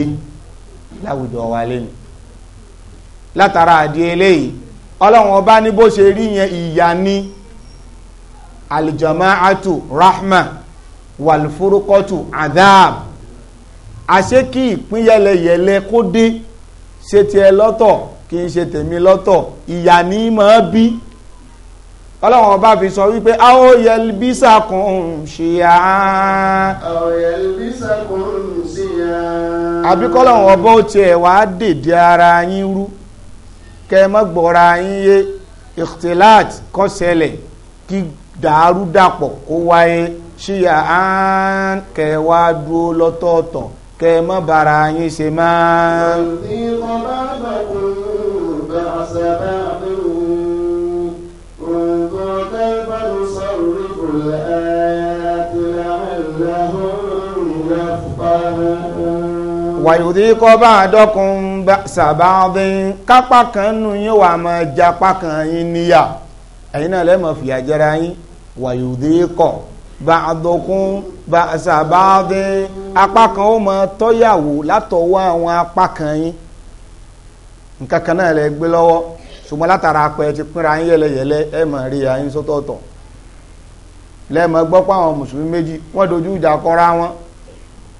láwùjọ wa lẹ́nu látara àdí eléyìí ọlọ́run ọba ní bó ṣe rí yẹn ìyá ní aljamaatu rahma walfurukotu adab àṣé kí ìpín yẹlẹyẹlẹ kó dé ṣe tiẹ̀ lọ́tọ̀ kì í ṣe tèmi lọ́tọ̀ ìyá ní máa bí ọlọ́run ọba fi sọ wípé àwọn yẹlbísà kún ṣìyà. àwọn yẹlbísà kún ṣìyà. àbí kọ́lọ́run ọba ó tiẹ̀ wá dèdè ara yín rú kẹ́ ẹ má yín yé ìtìláàt kó kí dàrú kó wáyé ṣìyà án kẹ́ dúró lọ́tọ̀ọ̀tọ̀ kẹ́ ẹ má yín ṣe máa. wàyòdìkọ́ bá àdọ́kùn sàbáàdín kápá kan nù yín wà máa japa kan yín níyà ẹ̀yin náà lẹ́mọ̀ fìyà yín wàyòdìkọ́ bá àdọ́kùn sàbáàdín apá kan ó máa tọ́yàwó látọwọ́ àwọn apá kan yín náà lẹ gbé lọ́wọ́ ṣùgbọ́n látara apẹ ti ẹ mọ̀ rí ayín sọ́tọ̀ọ̀tọ̀ lẹ́mọ̀ gbọ́ pé àwọn mùsùlùmí méjì wọ́n dojú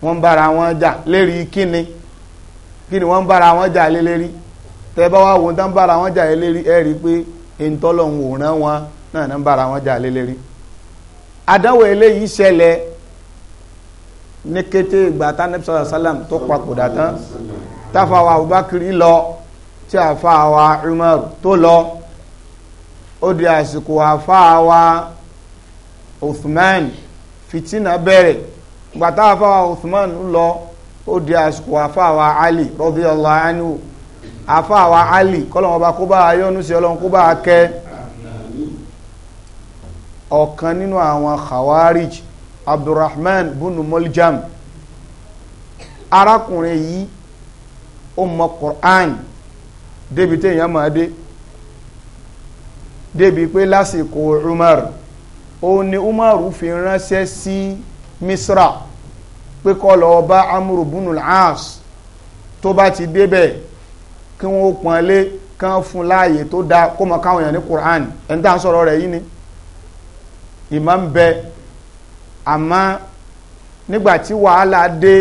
wọ́n ń bára wọn jà lérí kíni kíni wọ́n ń bára wọn jà lé lérí tẹ́ bá wá wo tán bára wọn jà lé lérí ẹ rí i pé ìtọ́lọ́hún ò rán wọn náà ní bára wọn jà lérí. àdánwò eléyìí ṣẹlẹ̀ ní kété ìgbà tánẹ́bí sọ̀rọ̀ sálàm tó papòdà tán táfa wa Abubakar lọ tí àfa wa Umar tó lọ ó di àsìkò àfa wa Uthman fitina bẹ̀rẹ̀ gbàtà àfáwà Uthman lọ ó di àsìkò àfáwà Ali radiyallahu anhu àfáwà Ali kọ́lọ́wọ́n bá kó bá ayọ́nu sí ọlọ́run kó bá a kẹ́ ọ̀kan nínú àwọn khawarij Abdurrahman bunu Muljam arákùnrin yìí ó mọ Qur'an débi téèyàn máa dé débi pé lásìkò Umar ó ní Umar fi ránṣẹ́ sí. Si misra pé kọ́ lọ bá amúrù bunul as tó bá ti débẹ̀ kí wọ́n pọ́n lé kán fún láàyè tó dá kó káwọn èèyàn ní quran ẹni tá à ń sọ̀rọ̀ rẹ̀ yìí ni ìmọ̀ ń bẹ àmọ́ nígbà tí wàhálà dé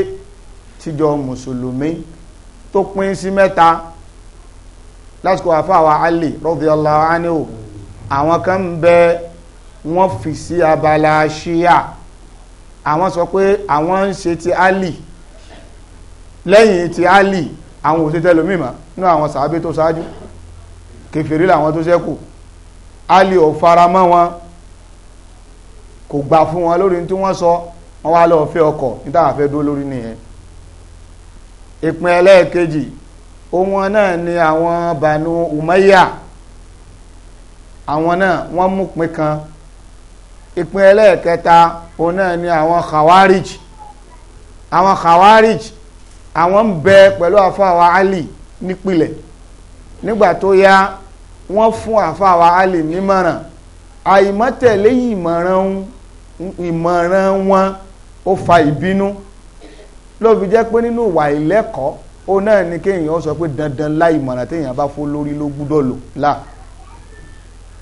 tíjọ mùsùlùmí tó pín sí mẹ́ta lásìkò àfàwà ali radiyallahu anhu àwọn kan ń bẹ wọ́n fi sí abala ṣíà àwọn sọ pé àwọn ń ṣe ti ali lẹ́yìn ti ali àwọn òṣèṣẹ́ lómi mọ́ nínú àwọn sàábé tó ṣáájú kèfèrí làwọn tó ṣẹ́kù ali ò fara mọ́ wọn kò gbà fún wọn lórí tí wọ́n sọ wọ́n wá lọ́ọ́ fẹ́ ọkọ̀ níta àfẹ́ dúró lórí nìyẹn ìpín ẹlẹ́ẹ̀kejì ohun náà ni àwọn bànú umaya àwọn náà wọ́n mú pin kan ìpín ẹlẹ́ẹ̀kẹta òun náà ni àwọn khawarij àwọn khawarij àwọn ń bẹ pẹ̀lú àfáwà ali nípìlẹ̀ nígbà tó yá wọ́n fún àfáwà ali nímọ̀ràn àìmọ́tẹ̀lé ìmọ̀ràn wọn ó fa ìbínú ló fi jẹ́ pé nínú ìwà ìlẹ́kọ̀ọ́ ó náà ni kéèyàn sọ pé dandan láì mọ̀ràn téèyàn bá fó lórí ló gbúdọ̀ lò láà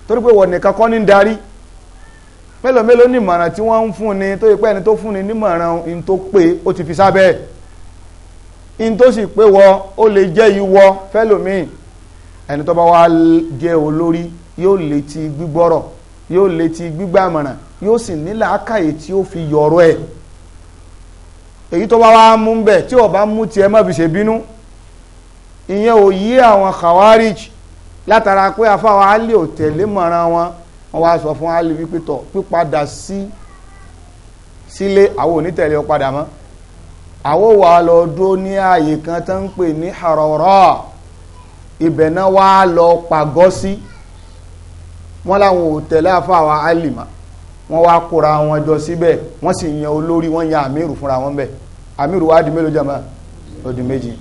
torí pé wọ́n nìkan kọ́ ní darí mélòó mélòó ní ìmọ̀ràn tí wọ́n ń fún ni tó yẹ pé ẹni tó fún ni nímọ̀ràn in tó pé ó ti fi sábẹ́ in tó sì pé wọ ó lè jẹ́ ìwọ fẹ́lòmíì ẹni tó bá wá jẹ́ olórí yóò létí gbígbọ́rọ̀ yóò létí gbígbàmọ̀ràn yóò sì ní làákàyè tí ó fi yọ̀rọ̀ ẹ̀ èyí tó bá wá mú bẹ̀ tí ò bá mú tiẹ̀ má ṣe bínú ìyẹn ò yí àwọn khawarij látara pé afáwa á lè ò tẹ̀lé mọ̀ràn wọn wọ́n wá sọ fún Ali wípé tọ̀ pípadà sí sílé àwọn onítẹ̀lé ọ padà mọ́ àwọ̀ wà lọ dúró ní ààyè kan tó ń pè ní Harara ibẹ̀ náà wá lọ pàgọ́ sí wọ́n láwọn ò tẹ̀lé àfàwà Ali mọ́ wọ́n wá kóra wọn jọ síbẹ̀ wọ́n sì yan olórí wọ́n yan àmírù fúnra wọn bẹ̀ àmírù wá di mélòó jàmá lọ́dún méjì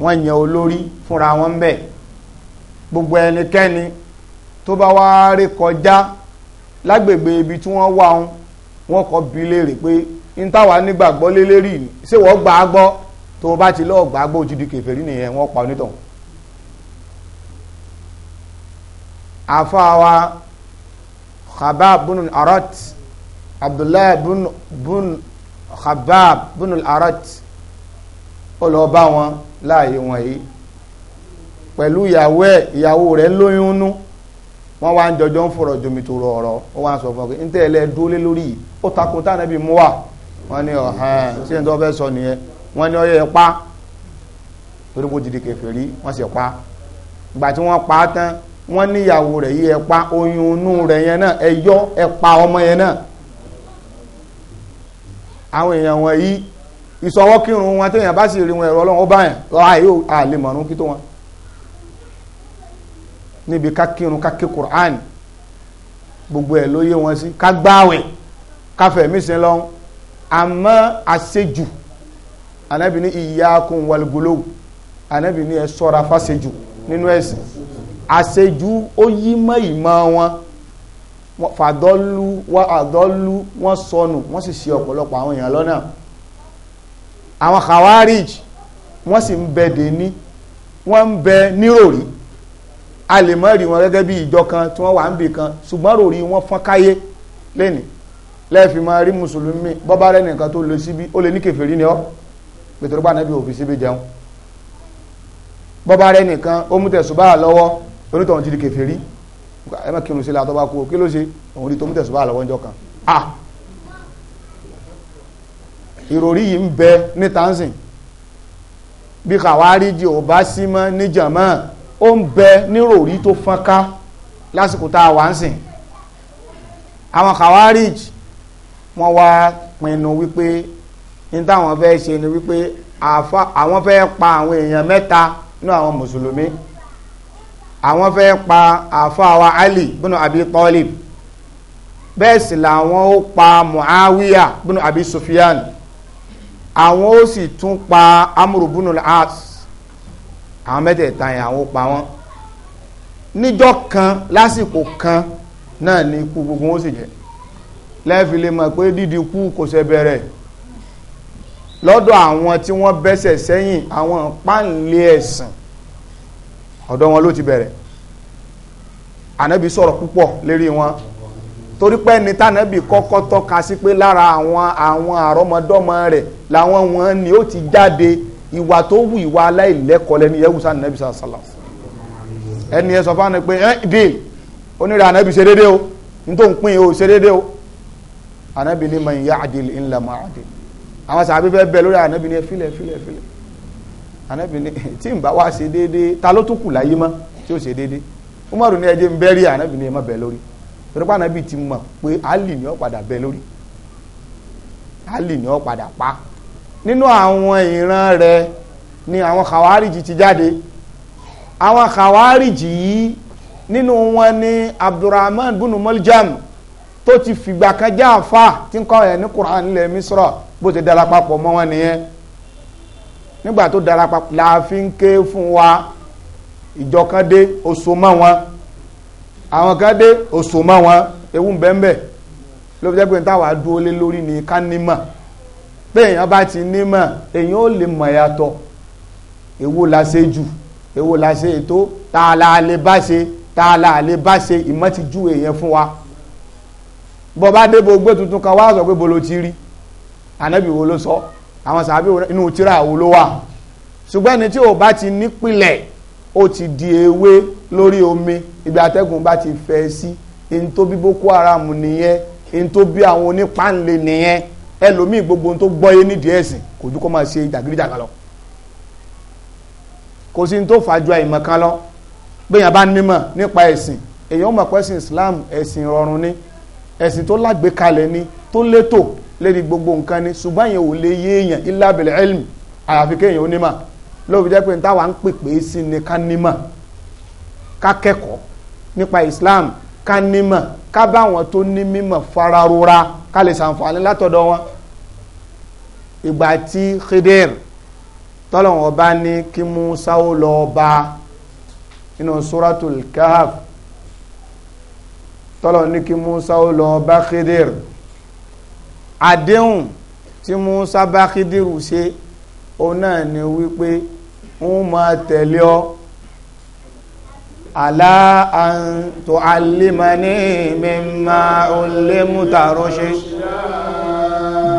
wọ́n yan olórí fúnra wọn bẹ̀ gbogbo ẹnikẹ́ni tó bá wá rí kọjá lágbègbè ibi tí wọ́n wà ń wọ́n kọ́ bi léèrè pé n táwa nígbàgbọ́ lé lérí ni ṣé wọ́n gbà á gbọ́ tó bá ti lọ́ọ̀ gbà á gbọ́ òjì di kèfèrí nìyẹn wọ́n pa onítọ̀hún. àfáwa khabab bunu arat abdullahi bin bun khabab bunu arat ó lọ bá wọn láàyè wọn yìí pẹ̀lú ìyàwó ẹ̀ ìyàwó rẹ̀ lóyún nú. wọ́n wá ń jọjọ́ ń fọ̀rọ̀ jomi tó rọ ọ̀rọ̀ ó wá ń sọ fún lórí yìí ó takò táwọn ẹbí mú wà wọ́n ní ọ̀hán tó fẹ́ sọ nìyẹn wọ́n ní ọyẹ pa torí kó dìde kèfèrí wọ́n sì pa ìgbà tí wọ́n pa á tán wọ́n ìyàwó rẹ̀ yìí ẹ pa oyún inú rẹ̀ yẹn náà ẹ yọ ẹ pa ọmọ yẹn náà wọn níbi ká kírun ká ké Qur'an gbogbo ẹ̀ ló yé wọn sí ká gbáwẹ̀ ká fẹ̀mí sin lọ́n àmọ́ àṣejù anábì ní iyyakum wal guluw anábì ní ẹ sọ́ra fáṣejù nínú ẹ̀sìn àṣejù ó yí mọ́ ìmọ̀ wọn fàdọ́lú wọ́n àdọ́lú wọ́n sọnù wọ́n sì ṣe ọ̀pọ̀lọpọ̀ àwọn èèyàn lọ́nà àwọn khawarij wọ́n sì ń bẹ dèní wọ́n ń bẹ níròrí a lè mọ́ rí wọn gẹ́gẹ́ bí ìjọ kan tí wọ́n wà ń bì kan ṣùgbọ́n rò rí wọn fọ́n káyé lẹ́nì lẹ́ẹ̀fì máa rí mùsùlùmí bọ́bá rẹ̀ nìkan tó lọ síbi ó lè ní kèfèrí ni ọ́ pẹ̀tọ́rọ́ bá nàbí òfin síbi jẹun bọ́bá rẹ̀ nìkan ó mú tẹ̀sùbá lọ́wọ́ onítọ̀hún ti di kèfèrí ẹ má kírun sí la tó kú kí ló ṣe òun rí tó mú tẹ̀sùbá lọ́wọ́ ńjọ kan ah ìròrí yìí ń bẹ ní tanzan bí kàwárí jì ò bá níjàmọ́ ó ń bẹ níròrí tó fọ́nká lásìkò tá a wà ń sìn àwọn khawarij wọ́n wá pinnu wípé ní táwọn fẹ́ ṣe ni wípé àwọn fẹ́ pa àwọn èèyàn mẹ́ta ní àwọn mùsùlùmí àwọn fẹ́ pa àfa wa Ali bínú Abi Talib bẹ́ẹ̀ sì làwọn ó pa Muawiya bínú Abi Sufyan àwọn ó sì tún pa amúrùbúnú as àwọn mẹ́tẹ̀ẹ̀ta yẹn àwọn ó pa wọ́n níjọ́ kan lásìkò kan náà ni ikú gbogbo wọn sì jẹ́ lẹ́ẹ̀fi lè mọ̀ pé dídi ikú kò ṣe bẹ̀rẹ̀ lọ́dọ̀ àwọn tí wọ́n bẹ́sẹ̀ sẹ́yìn àwọn páńlé ẹ̀sìn ọ̀dọ̀ wọn ló ti bẹ̀rẹ̀ ànábì sọ̀rọ̀ púpọ̀ lérí wọn torí pé ní tànábì kọ́kọ́ tọ́ka sí pé lára àwọn àwọn àrọ́mọdọ́mọ rẹ̀ làwọn wọn ni ó ti jáde ìwà tó wù ìwà aláìlẹ́kọ̀ọ́ lẹ́ni yẹ́wù sáà nẹ́bí sáà sálà ẹni ẹ sọ fún mi pé ẹ dìl onírà ànábì ṣe déédéé o nítorí òun pín o ṣe déédéé o ànábì ní man ya'dil in lam a'dil àwọn sàbí fẹ́ bẹ lórí ànábì ní filẹ̀ filẹ̀ filẹ̀ ànábì ní tí n bá wá ṣe déédéé ta ló tún kù láyé mọ́ tí ó ṣe déédéé umaru ní ẹjẹ ń bẹ́rí ànábì ní ẹ má bẹ lórí torí pé ti mọ̀ pé ali ni ó padà bẹ lórí ali ni ó padà pa nínú àwọn ìran rẹ̀ ni àwọn kàwárìjì ti jáde àwọn kàwárìjì yìí nínú wọn ni abdulrahman bunu muljam tó ti fìgbà kan já àfa tí ń kọ́ ẹ̀ ní quran ilẹ̀ misra bó ti darapapọ̀ mọ́ wọn nìyẹn nígbà tó darapapọ̀ láàfin ké fún wa ìjọ kan dé oṣù mọ́ wọn àwọn kan dé oṣù mọ́ wọn ewu bẹ́ẹ̀ bẹ́ẹ̀ ló fi jẹ́ pé táwa dúró lé lórí ni ká nímọ̀ béèyàn bá ti nímọ̀ èyàn ó lè mọ̀ yàtọ̀ èwo la ṣe jù èwo la ṣe ètò tá a la lè bá ṣe tá a la lè bá ṣe ìmọ̀ ti ju èyàn fún wa bọ́ bá dé bo gbé tuntun kan wá sọ pé bolo ti rí ànábì wo ló sọ àwọn sàbí inú tíra wo ló wà ṣùgbọ́n ẹni tí ò bá ti nípìlẹ̀ ó ti di ewé lórí omi ibi atẹ́gùn bá ti fẹ́ sí ẹni Boko Haram nìyẹn ẹni àwọn onípàǹlẹ̀ nìyẹn ẹlòmíì gbogbo tó gbọ́yé nídìí ẹ̀sìn kò ju kó máa ṣe jàgídíjàgan lọ kò sí ní tó fàájú àìmọ̀ kan lọ bẹ́ẹ̀ bá nímọ̀ nípa ẹ̀sìn èèyàn mọ̀ pé Islam ẹ̀sìn rọrùn ni ẹ̀sìn tó lágbèkalẹ̀ ni tó létò lédi gbogbo nǹkan ni ṣùgbọ́n èèyàn ò lè yé èèyàn illa bil ilm àyàfi kéèyàn ó nímọ̀ lóbi jẹ́ pé táwa ń pèpè sí ni ká nímọ̀ ká kẹ́kọ̀ọ́ nípa Islam ká nímọ̀ ká bá àwọn tó ní mímọ̀ fararora ká lè ṣàǹfààní látọ̀dọ̀ wọn ìgbà tí khidir tọ́lọ̀wọ̀n bá ní kí Musa ó lọ bá nínú suratul kahf tọ́lọ̀ ní kí Musa ó lọ bá khidir àdéhùn tí Musa bá khidir ṣe òun náà ni wípé ń máa tẹ̀lé ọ àlá an tu'allimani mimma ullimta rushda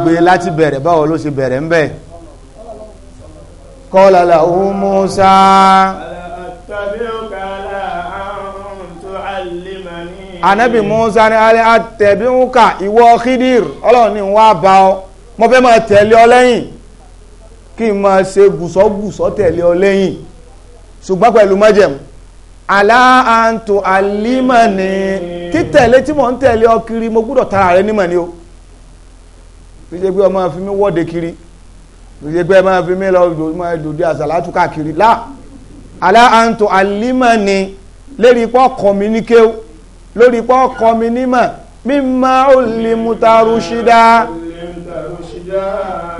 gbé láti bẹ̀rẹ̀ báwo ló ṣe bẹ̀rẹ̀ ń bẹ̀ kọ́lá làwọn Musa. anabi Musa ní alẹ́ àtẹ̀bíhùnkà ìwọ Khidir ọlọ́run ní wá bá ọ mo fẹ́ máa tẹ̀lé ọ lẹ́yìn kí n máa ṣe gùsọ́gùsọ́ tẹ̀lé ọ lẹ́yìn ṣùgbọ́n pẹ̀lú májẹ̀mú aláàntò alímọ̀ ni títẹ̀lé tí mò ń tẹ̀lé ọ kiri mo gbọ́dọ̀ tara rẹ nímọ̀ ni o fi ṣe pé ọmọ fi mí wọ́de kiri fi ṣe pé ọmọ fi mí lọ dòdì àṣàlátù káàkiri lá alá àǹtò àlímọ̀ni lórí pọ́ kọ̀míníkéw lórí pọ́ kọ̀mínímọ̀ mímọ́ olùmútarúṣídá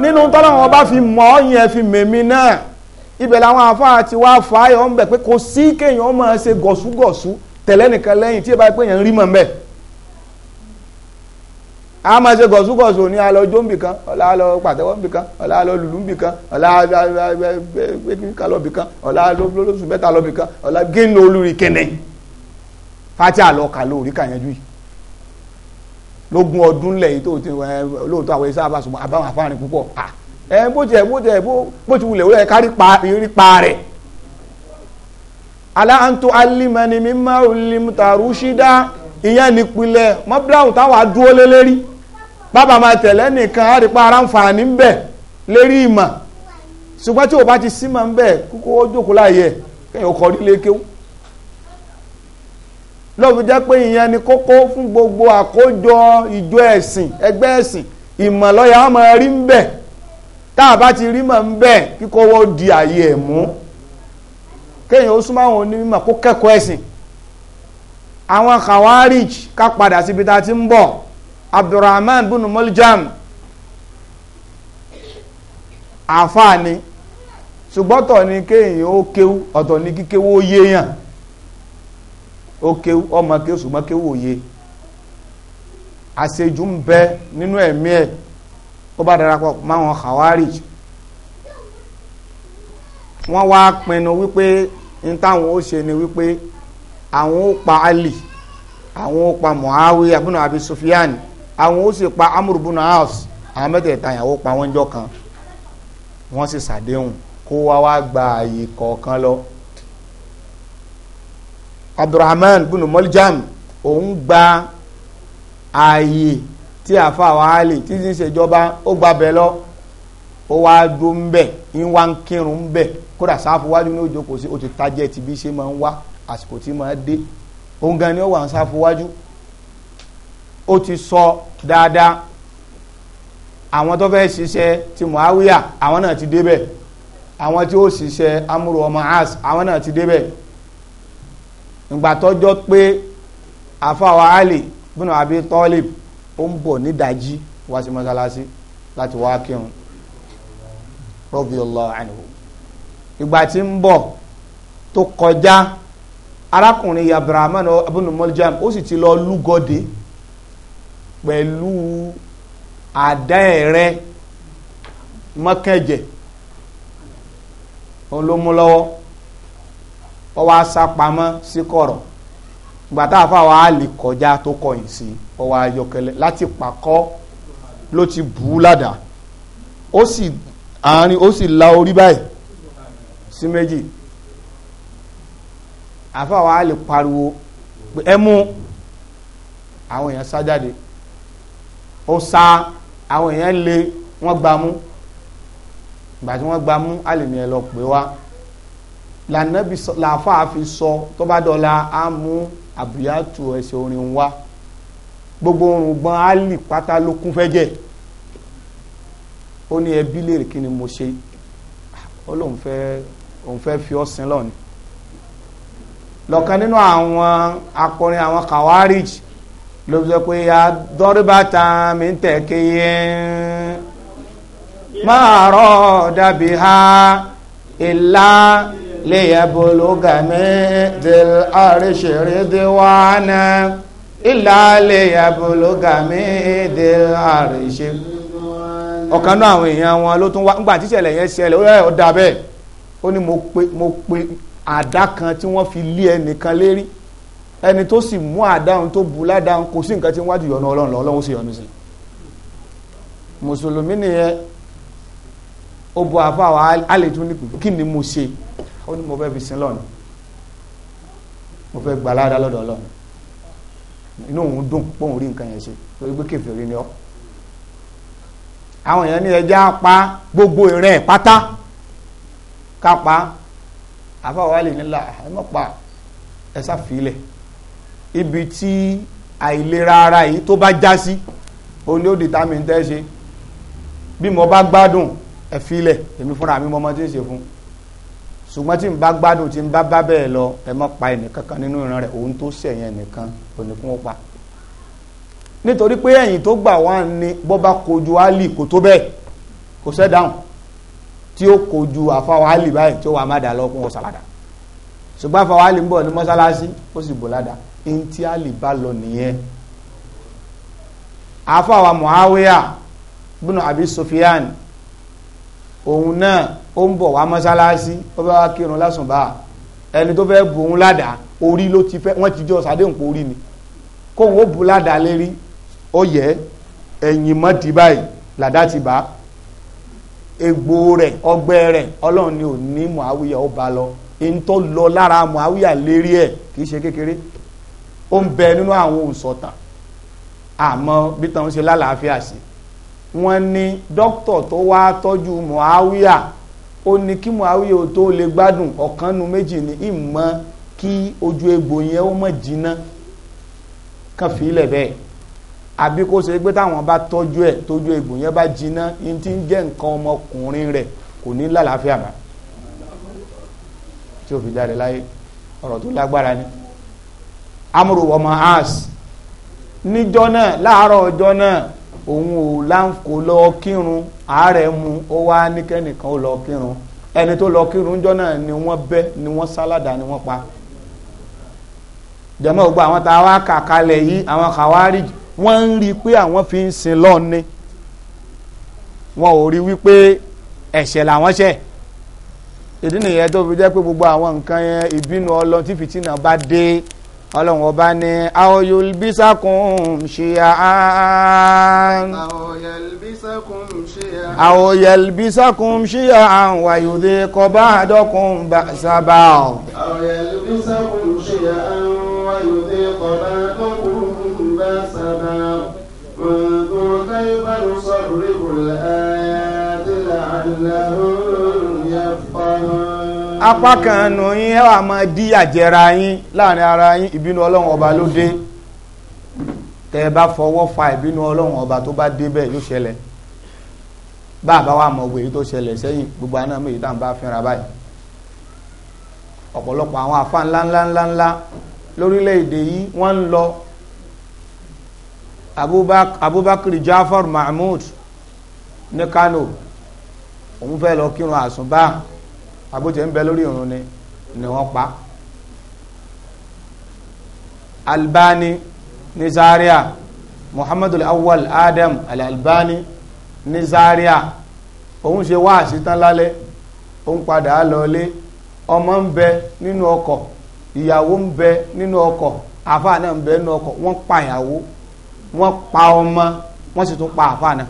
nínú tọ́lọ́wọ́n bá fi mọ́ yẹn fi mèmí náà ibẹ̀ làwọn àfáà ti wá fàáyọ̀ ń bẹ̀ pé kò sí kéèyàn máa ṣe gọ̀ṣúgọ̀ṣú tẹ̀lẹ́nìkan lẹ́yìn tí ẹ bá pé èèyàn rí mọ̀ ń a máa ṣe gọ̀súgọ̀sù ní alọ jó ń bì kan ọ̀la alọ pàtẹ́wọ́ ń bì kan ọ̀la alọ lùlù ń bì kan ọ̀la gbẹ́gbẹ́gbẹ́ lọ bì kan ọ̀la lóṣù mẹ́ta lọ bì kan ọ̀la gínú olórí kẹ́nẹ́ fati àlọ́ka lórí kàyẹ́jú yìí lógún ọdún lẹ́yìn tó ti lóòótọ́ àwọn iṣẹ́ àbáṣùmọ̀ àbáwọn afárin púpọ̀ ẹ bó tiẹ̀ bó tiẹ̀ bó ti wulẹ̀ wúlẹ̀ kárí pa rí pa rẹ̀ aláǹtó alimani mímọ́ olùmùtàrú ṣídá ìyẹn nípìnlẹ̀ mọ́bíláwù táwa dúró lé lérí. bàbá máa tẹ̀lé nìkan á rí pa ara ń fa àní ń bẹ̀ lérí ìmọ̀ ṣùgbọ́n tí o bá ti sí máa ń bẹ̀ kókó ó láàyè kẹ́yìn ọkọ̀ nílé kéwú lọ́ọ̀fi jẹ́ pé ìyẹn ni kókó fún gbogbo àkójọ ìjọ ẹ̀sìn ẹgbẹ́ ẹ̀sìn ìmọ̀lọ́yà á máa rí ń bẹ̀ tá a bá ti rí máa ń bẹ̀ kíkọ́ di àyè ẹ̀ mú kẹ́yìn ó súnmọ́ àwọn onímọ̀ kó kẹ́kọ̀ọ́ ẹ̀sìn àwọn kàwárìj ká padà síbi tá a ti ń bọ̀ abdulrahman bin muljam àfáà ni ṣùgbọ́tọ̀ ni kéèyàn ó kéwú ọ̀tọ̀ ni kíkéwú ó yéèyàn ó kéwú ọmọ kéwú ṣùgbọ́n kéwú òye àṣejù ń bẹ nínú ẹ̀mí ẹ̀ ó bá darapọ̀ máwọn kàwárì wọ́n wá pinnu wípé n táwọn ó ṣe ni wípé àwọn ó pa ali àwọn ó pa muawiya ibn abi àwọn ó sì pa amúrù bùnà house àwọn mẹ́tẹ̀ẹ̀ta ìyàwó pa wọ́n jọ kan wọ́n sì ṣàdéhùn kó wá wá gba àyè kọ̀ọ̀kan lọ abdulrahman bùnú mọ́líjàm òun gba ààyè tí àfa wàhálì tí ti ń ṣèjọba ó gba bẹ̀ lọ ó wá dó ń bẹ̀ ń ń kírun ń bẹ̀ kódà sáfù wájú ní òjò kò sí ó ti tajẹ́ ti bí ṣe máa ń wá àsìkò tí máa dé òun gan ni ó wà ń sáfù wájú ó ti sọ dáadáa àwọn tó fẹ́ ṣiṣẹ́ ti muawiya àwọn náà ti débẹ̀ àwọn tí ó ṣiṣẹ́ amúrò ọmọ as àwọn náà ti débẹ̀ ìgbàtọ́jọ́ pé àfàwà ali bínú àbí tọ́lìb ó ń bọ̀ nídàjí wá sí mọ́sálásí láti wá kírun radiyallahu anhu ìgbà tí ń bọ̀ tó kọjá arákùnrin abrahamu abunu muljam ó sì ti lọ lúgọ́dé pẹ̀lú àdá ẹ̀rẹ́ mọ́kẹ́jẹ̀ òun ló mú lọ́wọ́ ọ wá sá pamọ́ sí kọ̀rọ̀ gbàtà àfàwọ̀ á lè kọjá tó kọ̀yìn sí ọ wá yọkẹlẹ láti pàkọ́ ló ti bù ú ládàá ó sì àárín ó sì la orí báyìí sí méjì àfàwọ̀ á pariwo ẹ àwọn èèyàn sá jáde ó sa àwọn èèyàn lé wọ́n gba mú ìgbà tí wọ́n gba mú a lè ní ẹ lọ pè wá lànàbí làáfàá fi sọ tó bá dọ̀la á mú àbúyàtò ẹsẹ̀ orin wá gbogbo orun gbọ́n á lì pátá ló kún fẹ́ ó ní ẹbí léèrè kí ni mo ṣe ó lóun fẹ́ òun fẹ́ fi ọ́ sin lọ́ọ̀ni lọ́kàn nínú àwọn akọrin àwọn kawarij ló sọ pé adọ́rìbá tán mi tẹ̀ kéye máa rọ̀ dàbí ha ìlà liyabuluga min dil arishi ridwana illa liyabuluga min dil arishi ọ̀kan náà àwọn èèyàn wọn ló tún wá ńgbà tíṣẹ̀lẹ̀ yẹn ṣẹlẹ̀ ó yẹ ọ̀dà bẹ́ẹ̀ ó ní mo pe àdá kan tí wọ́n fi lé ẹnìkan lérí ẹni tó sì mú àdáhùn tó bu ládáhùn kò sí nǹkan tí wájú yọnu ọlọ́run lọ ọlọ́run sì yọnu sí mùsùlùmí nìyẹn ó bu àfa wa àlejò ní kí ni mo ṣe ó ní mo fẹ́ fi sin lọ́nà mo fẹ́ gbà ládàá lọ́dọ̀ ọlọ́run inú òun dùn póun rí nǹkan yẹn ṣe torí pé kèfèrí ni ọ́ àwọn èèyàn ní ẹja pa gbogbo ìrìn pátá ká pa àfa wa lè nílà ẹ mọ̀ pa ẹ sá fi ilẹ̀ ibi tí àìlera ara yìí tó bá já sí òun ni ó determine tẹ́ ṣe bí mo bá gbádùn ẹ̀fílẹ̀ èmi fúnra mi mo mọ tí ń ṣe fún ṣùgbọ́n tí n bá gbádùn tí n bá bá bẹ́ẹ̀ lọ ẹ má pa ẹnìkankan nínú ìran rẹ̀ òun tó ṣẹ̀yìn ẹnìkan ònìkún ó pa nítorí pé ẹ̀yìn tó gbà wá ni bọ́ bá kojú Àlì kò tó bẹ́ẹ̀ kò sẹ́ dáhùn tí ó kojú àfáwọn Àlì báyìí tí ó wà má dà lọ́kùn ọ̀sàládà ṣùgbọ́n àfáwọn Àlì ń bọ̀ ní mọ́sálásí ó sì bò ládàá ntí àlè bá lọ nìyẹn wa muhawiya bùnú àbí sofiyan òun náà ó ń bọ̀ wá mọ́sálásí ó bá wá kírun lásùnbà ẹni tó fẹ́ bu òun ládàá orí ló ti fẹ́ wọ́n ti jọ sàdéhùn pé orí ni kóun ó bu ládàá lérí ó yẹ ẹ̀yìn mọ́ ti báyìí làdá ti bá egbò rẹ̀ ọgbẹ́ rẹ̀ ọlọ́run ni ò ní muhawiya ó ba lọ ń tó lọ lára muhawiya lérí ẹ̀ kì í ṣe kékeré ó ń bẹ nínú àwọn òǹsọ̀tàn àmọ́ bí tàn ṣe lálàáfíà sí wọ́n ní dókítà tó wá tọ́jú muawiya ó ní kí muawiya tó lè gbádùn ọ̀kan nu méjì ní ìmọ̀ kí ojú egbò yẹn ó mọ̀ jiná kàn fi ilẹ̀ bẹ́ẹ̀ àbí kó ṣe pé táwọn bá tọ́jú ẹ̀ tójú egbò yẹn bá jiná yín ti ń jẹ́ nǹkan ọmọkùnrin rẹ̀ kò ní lálàáfíà bá tí ó fi jáde láyé ọ̀rọ̀ tó lágbára ni. amúrò ọmọ as níjọ́ náà láàárọ̀ ọjọ́ náà òun ò láǹkó lọ kírun àárẹ̀ mu ó wá níkẹ́nìkan ó lọ kírun ẹni tó lọ kírun jọ náà ni wọ́n bẹ ni wọ́n sálàdà ni wọ́n pa jẹ́mọ́ gbogbo àwọn tá a wá kà kalẹ̀ yìí àwọn kàwárí wọ́n ń rí i pé àwọn fi ń sin lọ́ọ̀ni wọn ò rí wípé ẹ̀ṣẹ̀ làwọn ṣẹ̀ ìdí nìyẹn tó fi jẹ́ pé gbogbo àwọn nǹkan yẹn ìbínú ọlọ́run tí fìtínà bá dé ọlọ́run ọba ní àwòyẹ̀lbísàkùn ṣíà án. àwòyẹ̀lbísàkùn ṣíà án wàyòdè kọba àdọ́kùn sábà. àwòyẹ̀lbísàkùn ṣíà án wàyòdè kọba àdọ́kùn bá sábà. وانظر كيف نصرف الآيات لعلهم apá kan nù yín ẹ wà máa dí àjẹra yín láàrin ara yín ìbínú ọlọ́run ọba ló dé tẹ ẹ bá fọwọ́ fa ìbínú ọlọ́run ọba tó bá dé bẹ́ẹ̀ ló ṣẹlẹ̀ bá a bá wà mọ̀ wèyí tó ṣẹlẹ̀ sẹ́yìn gbogbo àná méjì tá ń bá fínra báyìí ọ̀pọ̀lọpọ̀ àwọn àfa ńlá ńlá ńlá ńlá lórílẹ̀‐èdè yìí wọ́n ń lọ Abubakar Jafar mahmud ní Kano òun fẹ́ lọ kírun àsùnbá àbójẹ́ ń bẹ lórí ìrun ni ni wọ́n pa albani ní zaria muhammadul adam al-albani Nizaria zaria òun ṣe wáàsí tán lálẹ́ òun padà á lọlé ọmọ ń bẹ nínú ọkọ̀ ìyàwó ń bẹ nínú ọkọ̀ àfáà náà ń bẹ nínú ọkọ̀ wọ́n pa ìyàwó wọ́n pa ọmọ wọ́n sì tún pa àfáà náà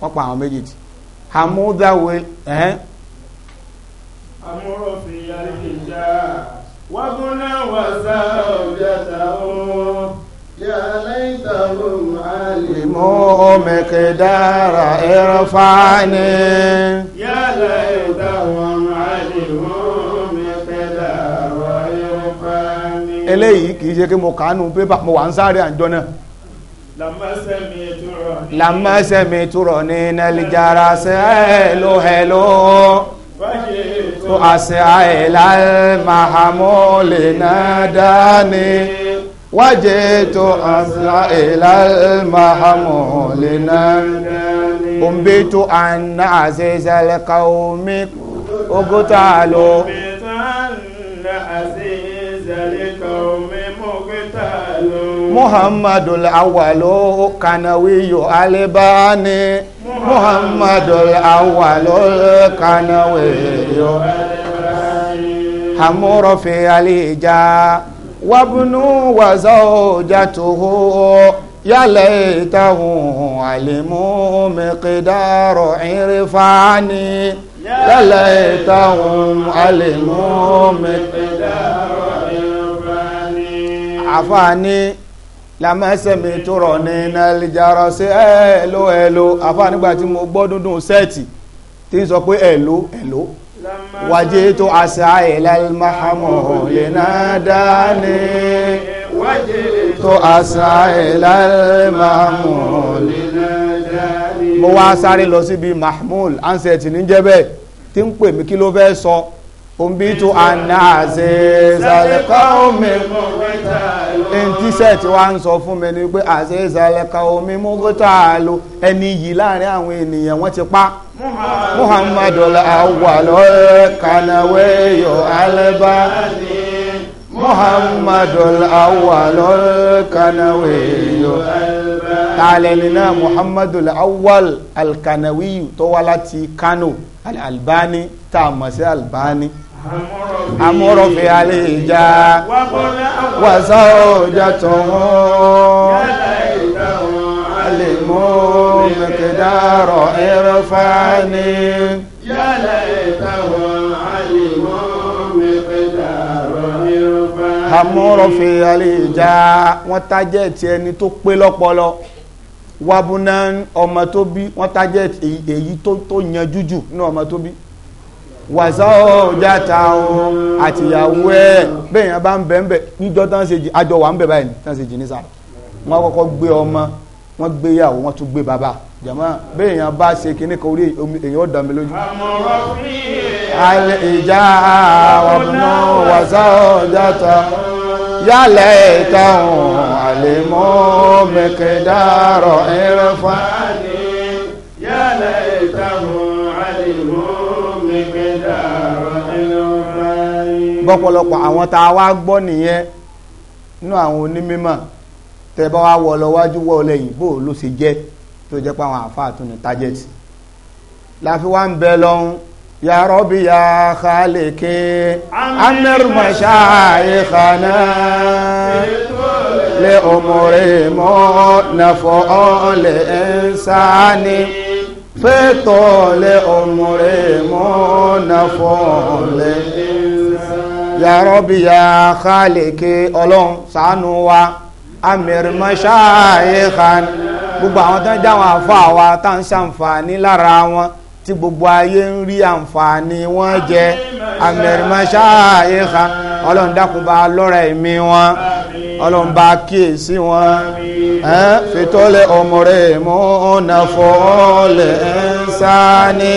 wọ́n pa àwọn méjèèjì hamuda wel ẹn. Eh? amúròfin àríkèjà wàgúnná wàsá ọ̀bíàtà ọ̀hún yàrá ìtàwọn àlèmọ́ ọmọkẹ̀dára ẹ̀rọ fáánì. yàrá ìtàwọn àlèmọ́ ọmọkẹ̀dára ẹ̀rọ fáánì. eléyìí kì í ṣe kí mo kàánú pépà mo wà ń sáré àjọ náà. làmásẹ́mi ètò لما سمعت رنين الجرس هلو هلو وأسعى إلى المحمول ناداني وجئت أسعى إلى المحمول ناداني أنبت أن عزيز القوم اقتلوا muhammadu awalo kanawiyu alibani muhammadu awalo kanawiyu alibani amúròfin alìjà wabunu wazawjatuhu yálẹ̀ ìtahùn àlèmú mẹ́kẹ̀dárọ̀ ìrìfáàní yálẹ̀ ìtahùn àlèmú mẹ́kẹ̀dárọ̀ ìrìfáàní àfáàní lamẹ́sẹ̀mí tó rọ̀ ní nàìjíríà sí ẹ̀ẹ́lò ẹ̀ẹ́lò àfáà nígbà tí mo gbọ́ dúndùn sẹ́ẹ̀tì tí ń sọ pé ẹ̀ẹ́lò ẹ̀ẹ́lò wàjé tó àṣà ìlàlmáhàmù lè náà dání wàjé tó àṣà ìlàlmáhàmù lè náà dání mo wá sáré lọ síbi mahmud ansẹ̀tì níjẹ́bẹ̀ tí ń pè mí kí ló fẹ́ sọ so ombitu anaze zaleka omi ntíṣẹ́ tí wá ń sọ fún mi ni pé àṣẹ zaleka omi mọ́gọ́ta lo ẹni yìí láàrin àwọn ènìyàn wọ́n ti pa muhammadu awalo kanawe yo alaba muhammadu awalo kanawe yo tààlẹ́ni náà muhammadu awal alkanawiyu tó wá láti kano alalbani tá a mọ̀ sí albani amúrọ̀fẹ́ alẹ́ ìjà wàsá ọjà tọ̀hún alẹ́ mọ́ mẹ́kẹ̀dárọ̀ ẹ̀rọ fáni. yálà ìtàwọn alẹ́ mọ́ mẹ́kẹ̀dárọ̀ ẹ̀rọ fáni. amúrọ̀fẹ́ alẹ́ ìjà wọ́n tájẹ́ ti ni tó pé lọ́pọlọ wabuna ọmọ tó bí wọ́n tájẹ́ èyí tó yanjú jù ní ọmọ tó bí wàsáwọ́jàtàwọn àtìyàwó ẹ̀ bẹ́ẹ̀ yẹn bá ń bẹ̀ ń bẹ̀ níjọ́ tán ṣe jì àjọ wà ń bẹ̀ báyìí tán ṣe jì ní sáà wọ́n kọ́kọ́ gbé ọmọ wọ́n gbé yàwó wọ́n tún gbé bàbá jàmá bẹ́ẹ̀ yẹn bá ṣe kíní kan orí èyàn ọ̀dà mi lójú. ìjà ọ̀nà wàsáwọ́jàtà yálẹ̀ ìtàn àlèmọ́ mẹ́kẹ̀dárọ̀ ẹ̀rọ fún. bọ́pọ̀lọpọ̀ àwọn tá wá gbọ́ nìyẹn nínú àwọn onímọ̀ tẹ́ bá wá wọ lọ wájú lẹ́yìn bó ló ṣe jẹ́ tó jẹ́ pé àfáà tó ní tájẹ́tì láfi wá ń bẹ lọ́hún ya rọ́bì ya kálíkì amẹ́rùmọ̀ṣá ìkànnà lé ọmọrẹ mọ́ nàfọ́ ọ̀lẹ̀ ń sáà ni fẹ́tọ̀ lé ọmọrẹ mọ́ nàfọ́ ọ̀lẹ̀ ń ya Rabbi ya Khaliqi ọlọ́run ṣàánú wa amir mashayikhan gbogbo àwọn tó ń jáwọn àfáà wa tá ń ṣàǹfààní lára wọn tí gbogbo ayé ń rí àǹfààní wọn jẹ amir mashayikhan ọlọ́run dákun bá lọ́ra ẹ̀mí wọn ọlọ́run bá kíyèsí wọn fìtọ́lẹ̀ ọmọ rẹ̀ mọ́ ọ̀nà fọ́ọ̀lẹ̀ ń sáni.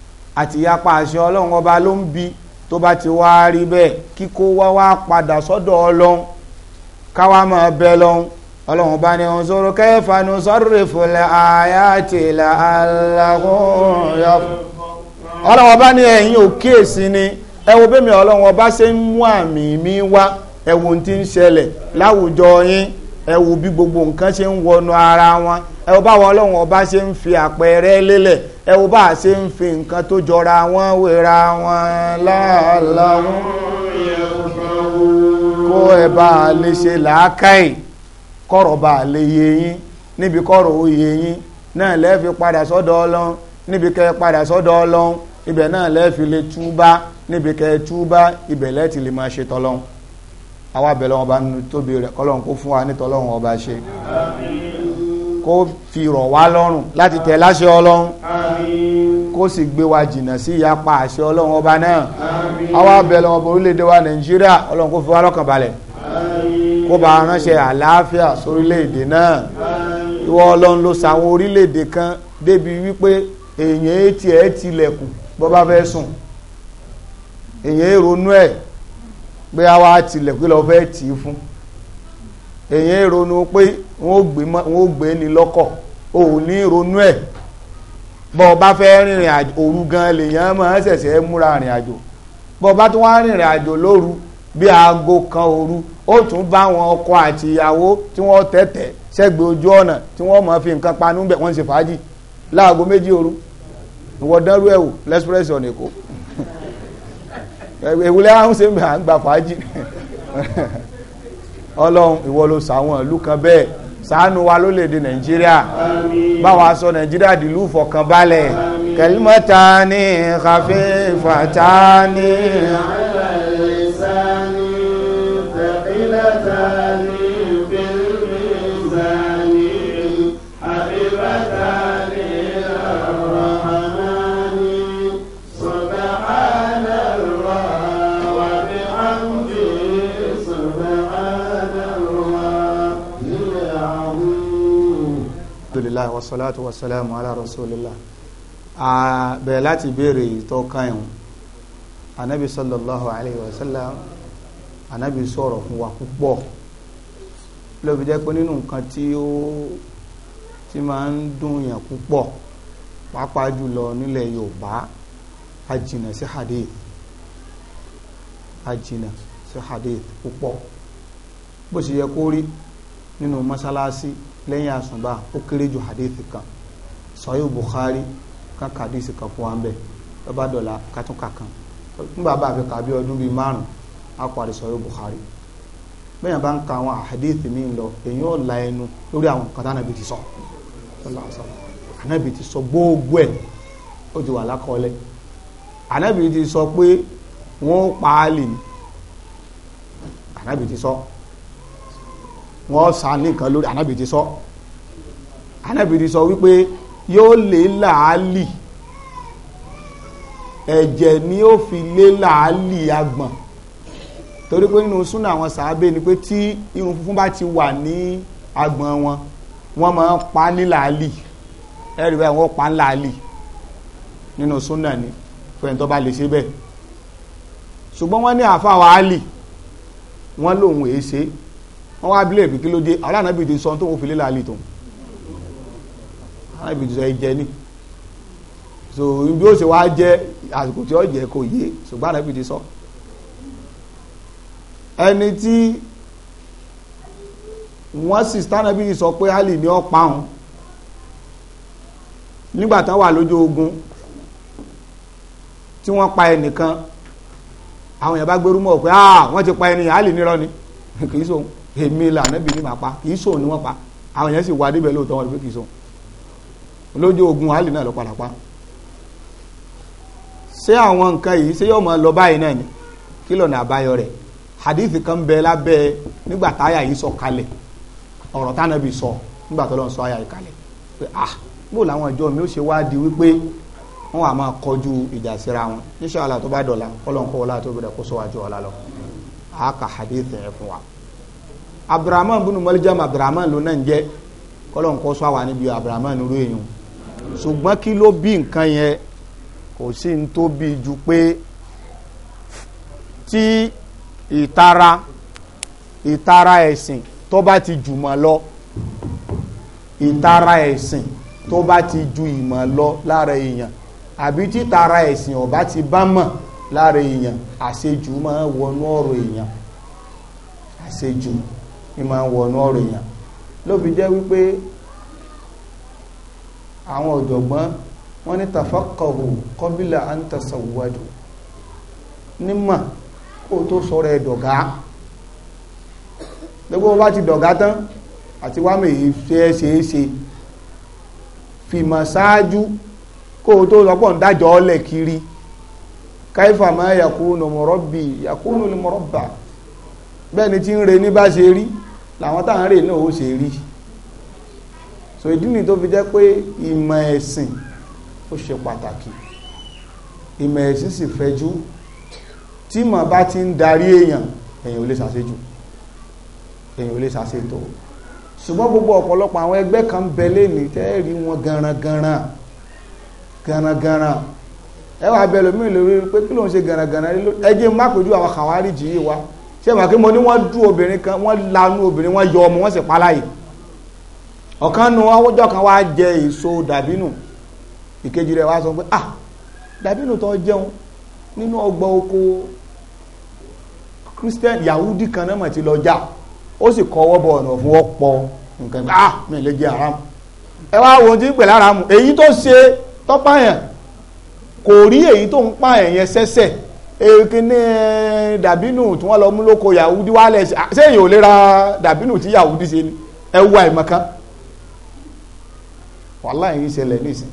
àti yapa àṣẹ ọlọ́run ọba ló ń bi tó bá ti wá rí bẹ́ẹ̀ kíkó wá wá padà sọ́dọ̀ ọlọ́run káwá máa bẹ lọ́hún ọlọ́run bá ní ọ̀hún sọ̀rọ̀ kẹfà ní sọ́rọ̀ ìfọ̀lẹ̀ àyàtì làálàkùn ọlọ́run bá ní ẹ̀yìn òkèèsí ni ẹ bẹ́ẹ̀ mi ọlọ́run ọba ṣe ń mú àmì mi wá ẹ wo ń ṣẹlẹ̀ láwùjọ yín ẹ wo bí gbogbo nǹkan ṣe ń wọnú ara wọn ẹ wo báwọn ọlọ́run ọba ṣe ń fi àpẹẹrẹ lélẹ̀ ẹ wo bá a ṣe ń fi nǹkan tó jọra wọn wéra wọn láàláwọn kó ẹ bá a lè ṣe làákàyè kọ̀rọ̀ bá a lè yé yín níbi kọ̀rọ̀ ó yé yín náà lẹ́ẹ̀fi padà sọ́dọ̀ ọlọ́run níbi kẹ́ padà sọ́dọ̀ ọlọ́run ibẹ̀ náà lẹ́ẹ̀fi lè túbá níbi kẹ́ túbá ibẹ̀ lẹ́ẹ̀tì lè máa ṣe tọ́lọ́run àwọn abẹ̀lẹ̀ wọn bá nínú tóbi rẹ̀ kọ́lọ́run kó fún wa ní tọ́lọ́run ọba ṣe kó fi rọ̀ wá lọ́rùn láti tẹ̀ láṣẹ ọlọ́run kó sì gbé wa jìnnà sí ìyapa àṣẹ ọlọ́run ọba náà àwọn abẹ̀lẹ̀ wọn bọ̀ orílẹ̀-èdè wa nàìjíríà ọlọ́run kó fi wá lọ́kàn balẹ̀ kó bá ránṣẹ́ àlàáfíà sórílẹ̀-èdè náà ìwọ ọlọ́run ló sàwọn orílẹ̀-èdè kan débi wípé èèyàn etí ẹ̀ tilẹ̀kùn bó bá fẹ́ sùn èèyàn èrò ẹ̀ pé a wá tilẹ̀ pé lọ́ọ́ fẹ́ tì í fún èyàn ronú pé wọ́n ó gbé ni lọ́kọ̀ ò ní ronú ẹ̀ bọ́ ọ bá fẹ́ rìnrìn àjò òru gan lèèyàn máa ń ṣẹ̀ṣẹ̀ múra rìn àjò bọ́ ọ bá tún wá rìnrìn àjò lóru bí aago kan òru ó tún bá wọn ọkọ àti ìyàwó tí wọ́n tẹ̀tẹ̀ sẹ́gbẹ̀ẹ́ ojú ọ̀nà tí wọ́n máa fi nǹkan panu bẹ̀ wọ́n ń ṣe fàájì láago méjì òru ìwọ dánrú lẹ́sìpírẹ́sì ọ̀nà èkó ewúlẹ́ àwọn ṣe ń bẹ̀ à ń gba fàájì ọlọ́run ìwọ ló sàwọn ìlú kan bẹ́ẹ̀ ṣàánú wa lórílẹ̀‐èdè nàìjíríà báwa sọ nàìjíríà dìlú ìfọ̀kànbalẹ̀ kẹlímọ́ta ní kàfífàtà ní alhamdulilah wasalaatu wasalaamu ala rasulillah a bẹ̀rẹ̀ láti béèrè tó kàn anabi sallallahu alayhi wa sallam anabi sọ̀rọ̀ fún wa púpọ̀ lóbi jẹ́ pé nínú nǹkan tí ó ti máa ń dùn yàn púpọ̀ pàápàá jùlọ nílẹ̀ yorùbá àjìnà sí hadith àjìnà sí hadith púpọ̀ bó ṣe yẹ kó rí nínú mọ́sálásí. No lẹ́yìn àsùnbà ó kéré ju hadithi kan sọ́yìn Bukhari kan kàdísì kan fún wa ń bẹ̀ lọ́ba dọ̀la kátúnkà kan nígbà bá fi kàbí ọdún bíi márùn á parí sọ́yìn Bukhari bẹ́ẹ̀ bá ń ka àwọn hadithi mi lọ èyí ò la ẹnu lórí àwọn nǹkan tá ànábì ti sọ ànábì ti sọ gbogbo ẹ̀ ó ti wà lákọọ́lẹ̀ ànábì ti sọ pé wọ́n pa á lè ní sọ. So wọ́n sá nìkan lórí anábì ti sọ anábì ti sọ wípé yóò lé làálì ẹ̀jẹ̀ ni ó fi lé làálì agbọ̀n torí pé nínú súnà àwọn sàábé ni pé tí irun funfun bá ti wà ní agbọ̀n wọn wọ́n máa ń pa ní làálì ẹ̀rí bẹ́ẹ̀ wọ́n pa ní làálì nínú súnà ni fẹ́ẹ̀ tó bá lè ṣe bẹ́ẹ̀ ṣùgbọ́n wọ́n ní àfáwà Àlì wọ́n lòun èé ṣe é wọ́n wá abilé ìpè kí ló dé àwọn ànábì ti sọ tó wọ́n fi lé láàlì tó ànábì ti sọ ẹ ní so bí ó ṣe wá jẹ àsìkò tí ó jẹ kò yé ṣùgbọ́n ànábì ti sọ ẹni tí wọ́n sì tánàbí sọ pé Àlì ni ó pa nígbà tán wà lójú ogun tí wọ́n pa ẹnìkan àwọn èèyàn bá gbérú mọ́ pé ah wọ́n ti pa ẹni Àlì nírọ́ ni kì í sóhun èmi là ànábì ní màá pa kì í sóun ni wọ́n pa àwọn èèyàn sì wá débẹ̀ lóòótọ́ wọn rí pé kì í sóun lójú ogun àlè náà lọ padà pa ṣé àwọn nǹkan yìí ṣé yóò mọ lọ báyìí náà ni kí lọ́nà àbáyọ rẹ̀ hadith kan bẹ lábẹ́ nígbà táyà yìí sọ kalẹ̀ ọ̀rọ̀ tánàbì sọ nígbà tó lọ́n sọ àyà yìí kalẹ̀ pé ah bó làwọn ìjọ mi ó ṣe wá di wípé wọn wà máa kọjú ìjà síra wọn insha Allah tó bá dọ̀la kọlọ́nkọ́ wọlá tó bẹ̀rẹ̀ kó sọ wájú ọ̀la lọ àáka hadith yẹn fún wa abdulrahman bunu malijam abdulrahman ló náà ń jẹ́ kọ́lọ́n kọ́ sọ àwa níbi abdulrahman ló èèyàn ṣùgbọ́n kí ló bí nǹkan yẹn kò sí ní ju pé tí ìtara ìtara ẹ̀sìn tó ti jùmọ̀ lọ ìtara ẹ̀sìn tó ti ju ìmọ̀ lọ lára èèyàn àbí títara ẹ̀sìn ọ̀bá ti bá mọ̀ lára èèyàn àṣejù máa wọnú ọ̀rọ̀ èèyàn àṣejù ní máa ń wọnú ọ̀rọ̀ èèyàn ló fi jẹ́ wípé àwọn ọ̀jọ̀gbọ́n wọ́n ní tàfàkọ̀hù kọ́bílà àǹtàsọ̀wádùn nímọ̀ kó tó sọ̀rọ̀ ẹ̀ dọ̀gá gbogbo bá ti dọ̀gá tán àti wá mèyí ṣe é ṣe é kó tó lọ́pọ̀ ń dájọ́ ọlẹ̀ kiri káífà máa yakúnù mọ̀rọ́bì yakúnù lè mọ̀rọ́bà bẹ́ẹ̀ni tí ń re ní bá ṣe rí làwọn táwọn rè náà ó ṣe rí so ìdí nìyí tó fi jẹ́ pé ìmọ̀ ẹ̀sìn ó ṣe pàtàkì ìmọ̀ ẹ̀sìn sì fẹjú tí mọ̀ bá ti ń darí èèyàn èèyàn ò lè ṣàṣejù èèyàn ò lè ṣàṣetò ṣùgbọ́n gbogbo ọ̀pọ̀lọpọ̀ àwọn ẹgbẹ́ kan bẹ lẹ́ni tẹ́ẹ̀rí wọn garangaran garangaran ẹ wà bẹ lómi lórí pé kí ló ń ṣe garangaran ẹjẹ má kojú àwọn kàwárí jìí wa ṣé màkì mo ní wọ́n dú obìnrin kan wọ́n lanú obìnrin wọ́n yọ ọmọ wọ́n sì paláyè ọ̀kan nu ọjọ́ kan wá jẹ èso dàbínù ìkejì rẹ̀ wá sọ pé ah dàbínù tó jẹun nínú ọgbà oko christian yahudi kan náà mà ti lọ jà ó sì kọwọ́ bọ̀ ọ̀nà fún ọ̀pọ̀ nǹkan ah mi lè jẹ àràmù ẹ wá wo ti ń pè lára mu èyí tó ṣe tọ́pàyàn kò rí èyí tó ń pààyàn yẹn sẹ́sẹ̀ Eh, kíní eh, dàbínù tí wọ́n lọ mú lóko yahudi wálẹ̀ ṣé èyàn ò lè ra dàbínù tí yahudi ṣe ni ẹ wú àìmọ̀kan wàhálà yìí ṣẹlẹ̀ nísìn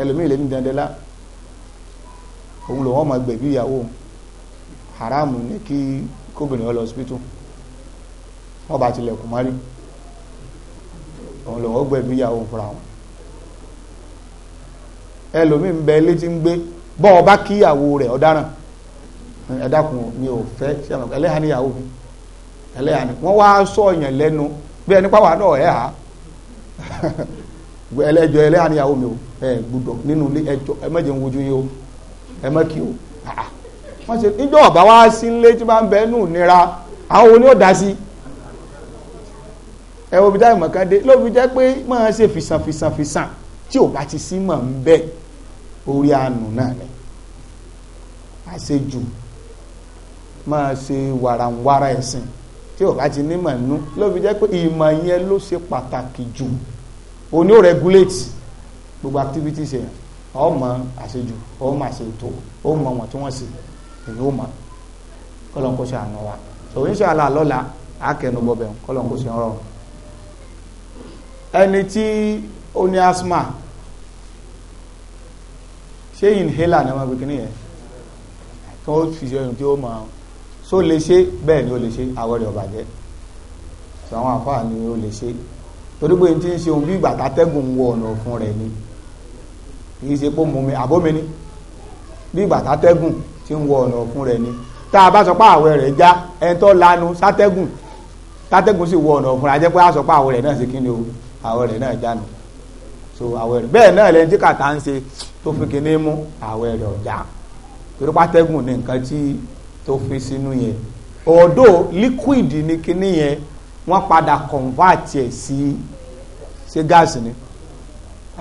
ẹlòmíì lè ní dandan òun lò wọ́n máa ìyàwó haramu ní kí kóbìnrin ọlọ hospital wọ́n bá tilẹ̀kùn mọ́rí òun lò wọ́n gbẹ̀bí ìyàwó fúnra wọn ẹlòmíì ń bẹ létí bọ́ ọ kí kíyàwó rẹ̀ ọ̀daràn ẹ̀dàkùn mi ò fẹ́ ṣẹlẹ̀ ẹlẹ́hà níyàwó mi ẹlẹ́hà ni wọ́n wá sọ ìyàn lẹ́nu bí ẹni pàwọ́ àná ẹ̀ hà ẹlẹ́jọ ẹlẹ́hà níyàwó mi ò ẹ nínú ẹ mẹ́jẹ̀ ń wojú yín o ẹ kí o wọ́n ṣe níjọ́ ọ̀bá wá sí ilé tí ń bẹ nù nira àwọn sí mọ̀kàndé jẹ́ pé máa ṣe fìsànfìsànfìsàn tí ò bá ti sí ń bẹ́ẹ̀ orí àánú náà ni àṣejù máa ṣe wàràǹwàrà ẹ̀sìn tí ò bá ti nímọ̀ nú ló fi jẹ́ pé ìmọ̀ yẹn ló ṣe pàtàkì jù o ò regulate gbogbo activities yẹn ọmọ àṣejù ọmọ àṣetò ọmọ wọn tí wọ́n sì èyí ó mọ̀ kọ́lọ́n kó ṣe àná wa òun ṣe àlà lọ́la akẹnu bọ̀bẹ̀ kọ́lọ́n kó ṣe rọrùn ẹni tí ó ní asthma ṣé inhaler ni wọ́n fi kíní yẹn kí wọ́n fi ṣe ohun tí ó máa so lè ṣe bẹ́ẹ̀ ni ó lè ṣe àwọ̀ rẹ̀ ọ̀bàjẹ́ sọ àwọn àfáà ni ó lè ṣe torí pé n ti ń ṣe ohun bí ìgbà tátẹ́gùn wọ ọ̀nà ọ̀fun rẹ̀ ni kì í ṣe pé mumi àbómi ni bí ìgbà tátẹ́gùn ti ń wọ ọ̀nà ọ̀fun rẹ̀ ni tá a bá sọ pé àwẹ̀ rẹ̀ já ẹni tó lanu sátẹ́gùn tátẹ́gùn sì wọ ọ̀nà ọ̀fun rẹ̀ ajẹ́ pé a sọ pé àwẹ̀ rẹ̀ náà ṣe kí ni tó fi kíní mú àwẹ̀ rẹ̀ ọ̀já torípàtẹ́gùn ní nǹkan tí tó fi sínú yẹn ọ̀dọ́ liquid ní kíní yẹn wọ́n padà convert ẹ̀ sí ṣé gáàsì ni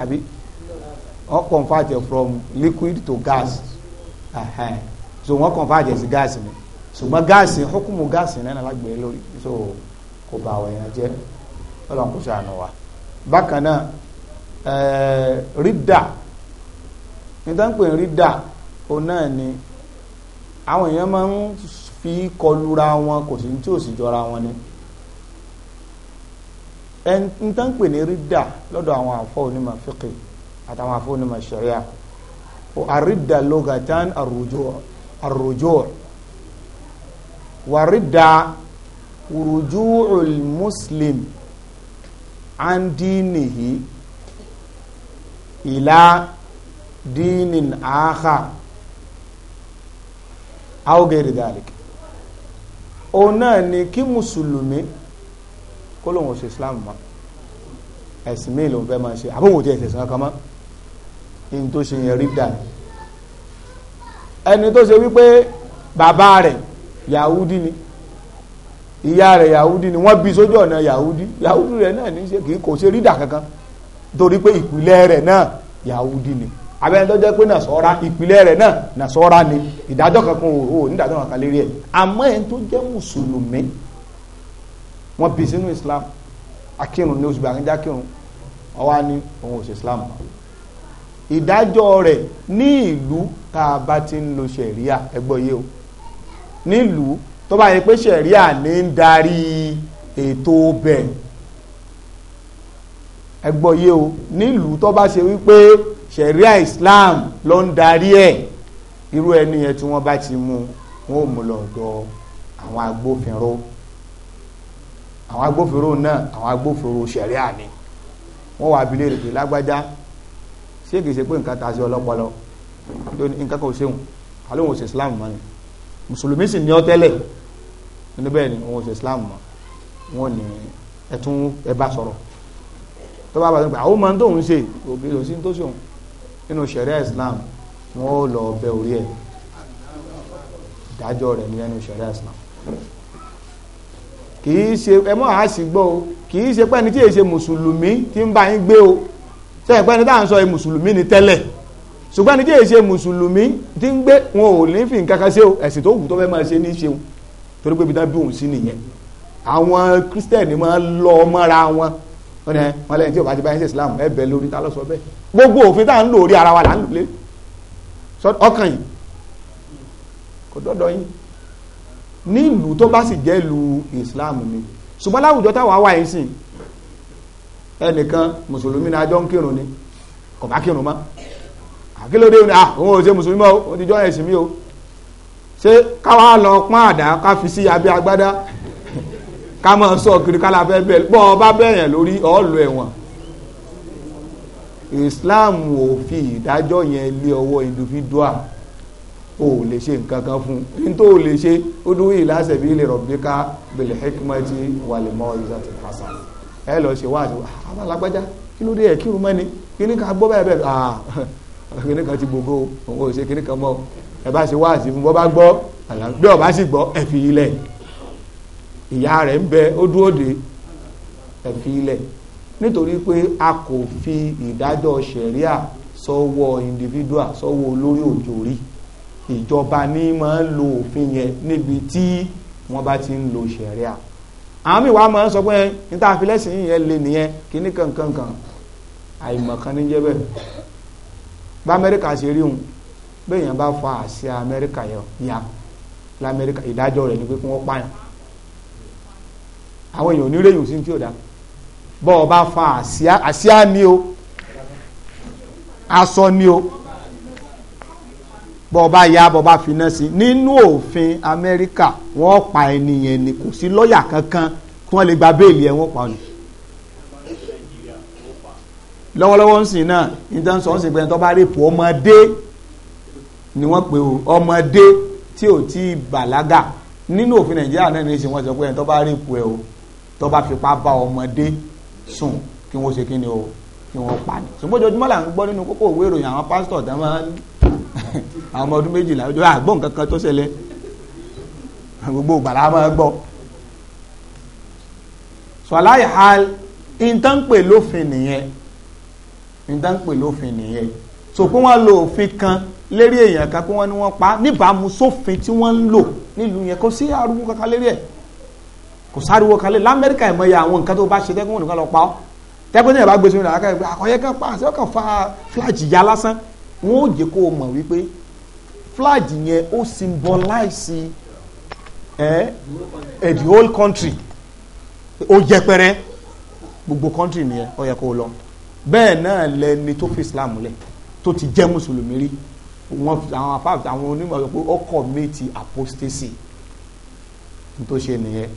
àbí wọ́n convert ẹ̀ from liquid to gas uh-huh. so wọ́n convert ẹ̀ sí gáàsì ni ṣùgbọ́n gáàsì hukumu gáàsì náà lágbèé e lórí so kò bá àwọn èèyàn jẹ́ ọlọ́run kò ṣàánú wa bákan náà rídà nítorí pé ń rí dà ó náà ni àwọn èèyàn máa ń fi kọlura wọn kò sí tí ò sì jọra wọn ni ẹni tó ń pè ní rí dà lọ́dọ̀ àwọn àfọ́ onímọ̀ fíkì àtàwọn àfọ́ onímọ̀ ṣẹ̀ríà àrídà lọ́gàtán àròjọ́ wàrídà rùjúùl muslim andinihi ìlà دين آخر أو غير ذلك òun náà ni kí mùsùlùmí kó lóun ṣe islam mọ́ ẹ̀sìn míì lòun fẹ́ máa ṣe àbúrò tí ẹ̀sìn ìsìn ẹni tó ṣe wípé bàbá rẹ̀ yahudi ni ìyá rẹ̀ yahudi ni wọ́n bí sójú ọ̀nà yahudi yahudi rẹ̀ náà ní ṣe kì í kò ṣe rí dà kankan torí pé ìpìlẹ̀ rẹ̀ náà yahudi ni abẹ́ni tó jẹ́ pé nàṣọ́ra ìpìlẹ̀ rẹ̀ náà nàṣọ́ra ni ìdájọ́ kankan ò ò nídàájọ́ kankan lérí ẹ̀ àmọ́ ẹni tó jẹ́ mùsùlùmí wọ́n bí sínú islam akírun ní oṣù gbàgbẹ́jà kírun ọwọ́ ni òun ò ṣe islam ìdájọ́ rẹ̀ ní ìlú tá a bá ti ń lo ṣẹ̀ríà ẹgbọ́ yé o nílùú tó bá yẹ pé ṣẹ̀ríà ní ń darí ètò bẹ́ẹ̀ ẹgbọ́ yé o nílùú tó bá ṣe wípé ṣẹ̀ríà Islam ló ń darí ẹ̀ irú ẹni yẹn tí wọ́n bá ti mú wọn ò mú lọ ọ̀dọ̀ àwọn agbófinró àwọn agbófinró náà àwọn agbófinró ṣẹ̀ríà ni wọ́n wà abilé rèé lágbájá ṣé kìí ṣe pé nǹkan ta sí ọlọ́pọlọ nǹkan kan ò ṣeun àlóhùn ò ṣe Islam mọ́ ni mùsùlùmí sì ní ọ tẹ́lẹ̀ nínú bẹ́ẹ̀ ni òun ò ṣe Islam mọ́ wọn ni ẹ̀tún ẹ bá sọ̀rọ̀ tó bá bá sọ̀rọ̀ pé àwọn ọmọ tó ń ṣe òbí lòsí tó ṣe òun nínú ṣẹ̀ríà Islam wọ́n ó lọ bẹ orí ẹ̀ ìdájọ́ rẹ̀ ní ẹnu ṣẹ̀ríà Islam kìí ṣe ẹ mọ́ àá sì gbọ́ o kìí ṣe pẹ́ni tí èṣe mùsùlùmí tí ń bá yín gbé o sẹ́yìn pẹ́ni tá à ń sọ mùsùlùmí ni tẹ́lẹ̀ ṣùgbọ́n ẹni tí èṣe mùsùlùmí tí ń gbé wọn ò ní fi nǹkan kan ṣe o ẹ̀sìn tó wù tó fẹ́ máa ṣe ní ṣeun torí pé ibi dá bí òun sí nìyẹn àwọn kírísítẹ̀nì máa ń lọ mọ́ra wọn wọ́n ní wọn lẹ́yìn tí o bá ti bá ẹ̀sìn islam ẹ bẹ̀ lórí ta ló sọ bẹ́ẹ̀ gbogbo òfin tá à ń lò orí ara wa là ń lò lé ọkàn yìí kò dọ́dọ̀ yín ní tó bá sì jẹ́ ìlú islam ni ṣùgbọ́n láwùjọ táwa wà yín sìn ẹnìkan mùsùlùmí náà jọ ń kírun ni kò bá kírun mọ́ àkílódé ni ah òun ò ṣe mùsùlùmí mọ́ o ti jọ ẹ̀sìn mi o ṣé káwa lọ pọ́n àdá ká fi sí abẹ́ agbádá ká máa sọ kiri ká la fẹ́ bẹ́ẹ̀ bọ́ ọ bá bẹ̀yàn lórí ọ̀ọ́lù ẹ̀wọ̀n Islam ò fi ìdájọ́ yẹn lé ọwọ́ individual o ò lè ṣe nǹkan kan fún un ní tó o lè ṣe ó dúró ìlà sẹ̀bí lè rọ̀bíkà bil hikmati wal mawizati hasan ẹ lọ ṣe wáàdì abalagbájá kí ló dé ẹ kírun mẹ́ni kíní kan gbọ́ bẹ́ẹ̀ bẹ́ẹ̀ ah kíní kan ti gbogbo òun ò ṣe kíní kan mọ́ ẹ bá ṣe wáàdì fún bọ́ bá gbọ́ àlàgbé ọ̀bá sì gbọ́ ẹ fi ilẹ̀ ìyá rẹ̀ ń bẹ ó dúró de ẹ̀fí ilẹ̀ nítorí pé a kò fi ìdájọ́ ṣẹ̀ríà sọ́wọ́ individual sọ́wọ́ olórí òjòrí ìjọba ní máa ń lo òfin yẹn níbi tí wọ́n bá ti ń lo ṣẹ̀ríà àwọn míì wá máa ń sọ pé níta àfilẹ́sìn yẹn lè nìyẹn kíní kankankan àìmọ̀kan ní jẹ́ bẹ́ẹ̀ bá amẹ́ríkà ṣe rí òun bẹ́ẹ̀ yẹn bá fa àṣẹ amẹ́ríkà yẹn ya lamẹ́ríkà ìdájọ́ rẹ̀ ni pé kí wọ́n pààyàn àwọn èèyàn onírèyìn sí ti ò dá bọ́ ọ fa àsíá ni o aṣọ ni o bọ́ ọ ya bọ́ ọ finá sí nínú òfin Amẹ́ríkà wọ́n pa ènìyàn ni kò sí lọ́ọ̀yà kankan tí wọ́n lè gba béèlì ẹ̀ wọ́n pa ọ̀nà lọ́wọ́lọ́wọ́ ń sìn náà nítorí sọ ń sìn pé tó bá rèpò ọmọdé ni wọ́n pe ọmọdé tí ò tí ì bàlágà nínú òfin Nàìjíríà náà ní í ṣe wọ́n sọ pé ẹni tó bá rèpò ẹ o tó bá fipá bá ọmọdé sùn kí wọ́n ṣe kí ni o kí wọ́n pa ni ṣùgbọ́n ojoojúmọ́ là ń gbọ́ nínú kókó òwe ìròyìn àwọn pásítọ̀ tó máa ń àwọn ọmọ ọdún méjìlá ojú àgbọ̀n kankan tó ṣẹlẹ̀ gbogbo ìgbà la máa gbọ́ sọláì hal ìtànpè lófin nìyẹn ìtànpè lófin nìyẹn so pé wọ́n lo òfin kan lérí èèyàn kan pé wọ́n ní wọ́n pa níbàámu sófin tí wọ́n ń lò nílùú yẹn kò sí arúgbó kankan lérí ẹ̀ kò sáriwo kan lé lamẹ́ríkà ẹ̀ mọ ya àwọn nǹkan tó bá ṣe tẹ́kùn nìkan lọ pa ọ́ tẹ́kùn yẹn bá gbé sínú ìdàkà ìgbà àkọyẹ kan pa àṣẹ ọkàn fa fúlájì ya lásán wọn ò jẹ́ kó o mọ̀ wípé fúlájì yẹn ó symbolize ẹ ẹ eh, the whole country ó jẹpẹrẹ gbogbo country nìyẹn ó yẹ kó o lọ bẹ́ẹ̀ náà lẹni tó fi Islam lẹ̀ tó ti jẹ́ mùsùlùmí rí wọn àwọn afáàfin àwọn onímọ̀ yọ pé ọkọ̀ mi ti apostasy ní tó ṣe nìyẹn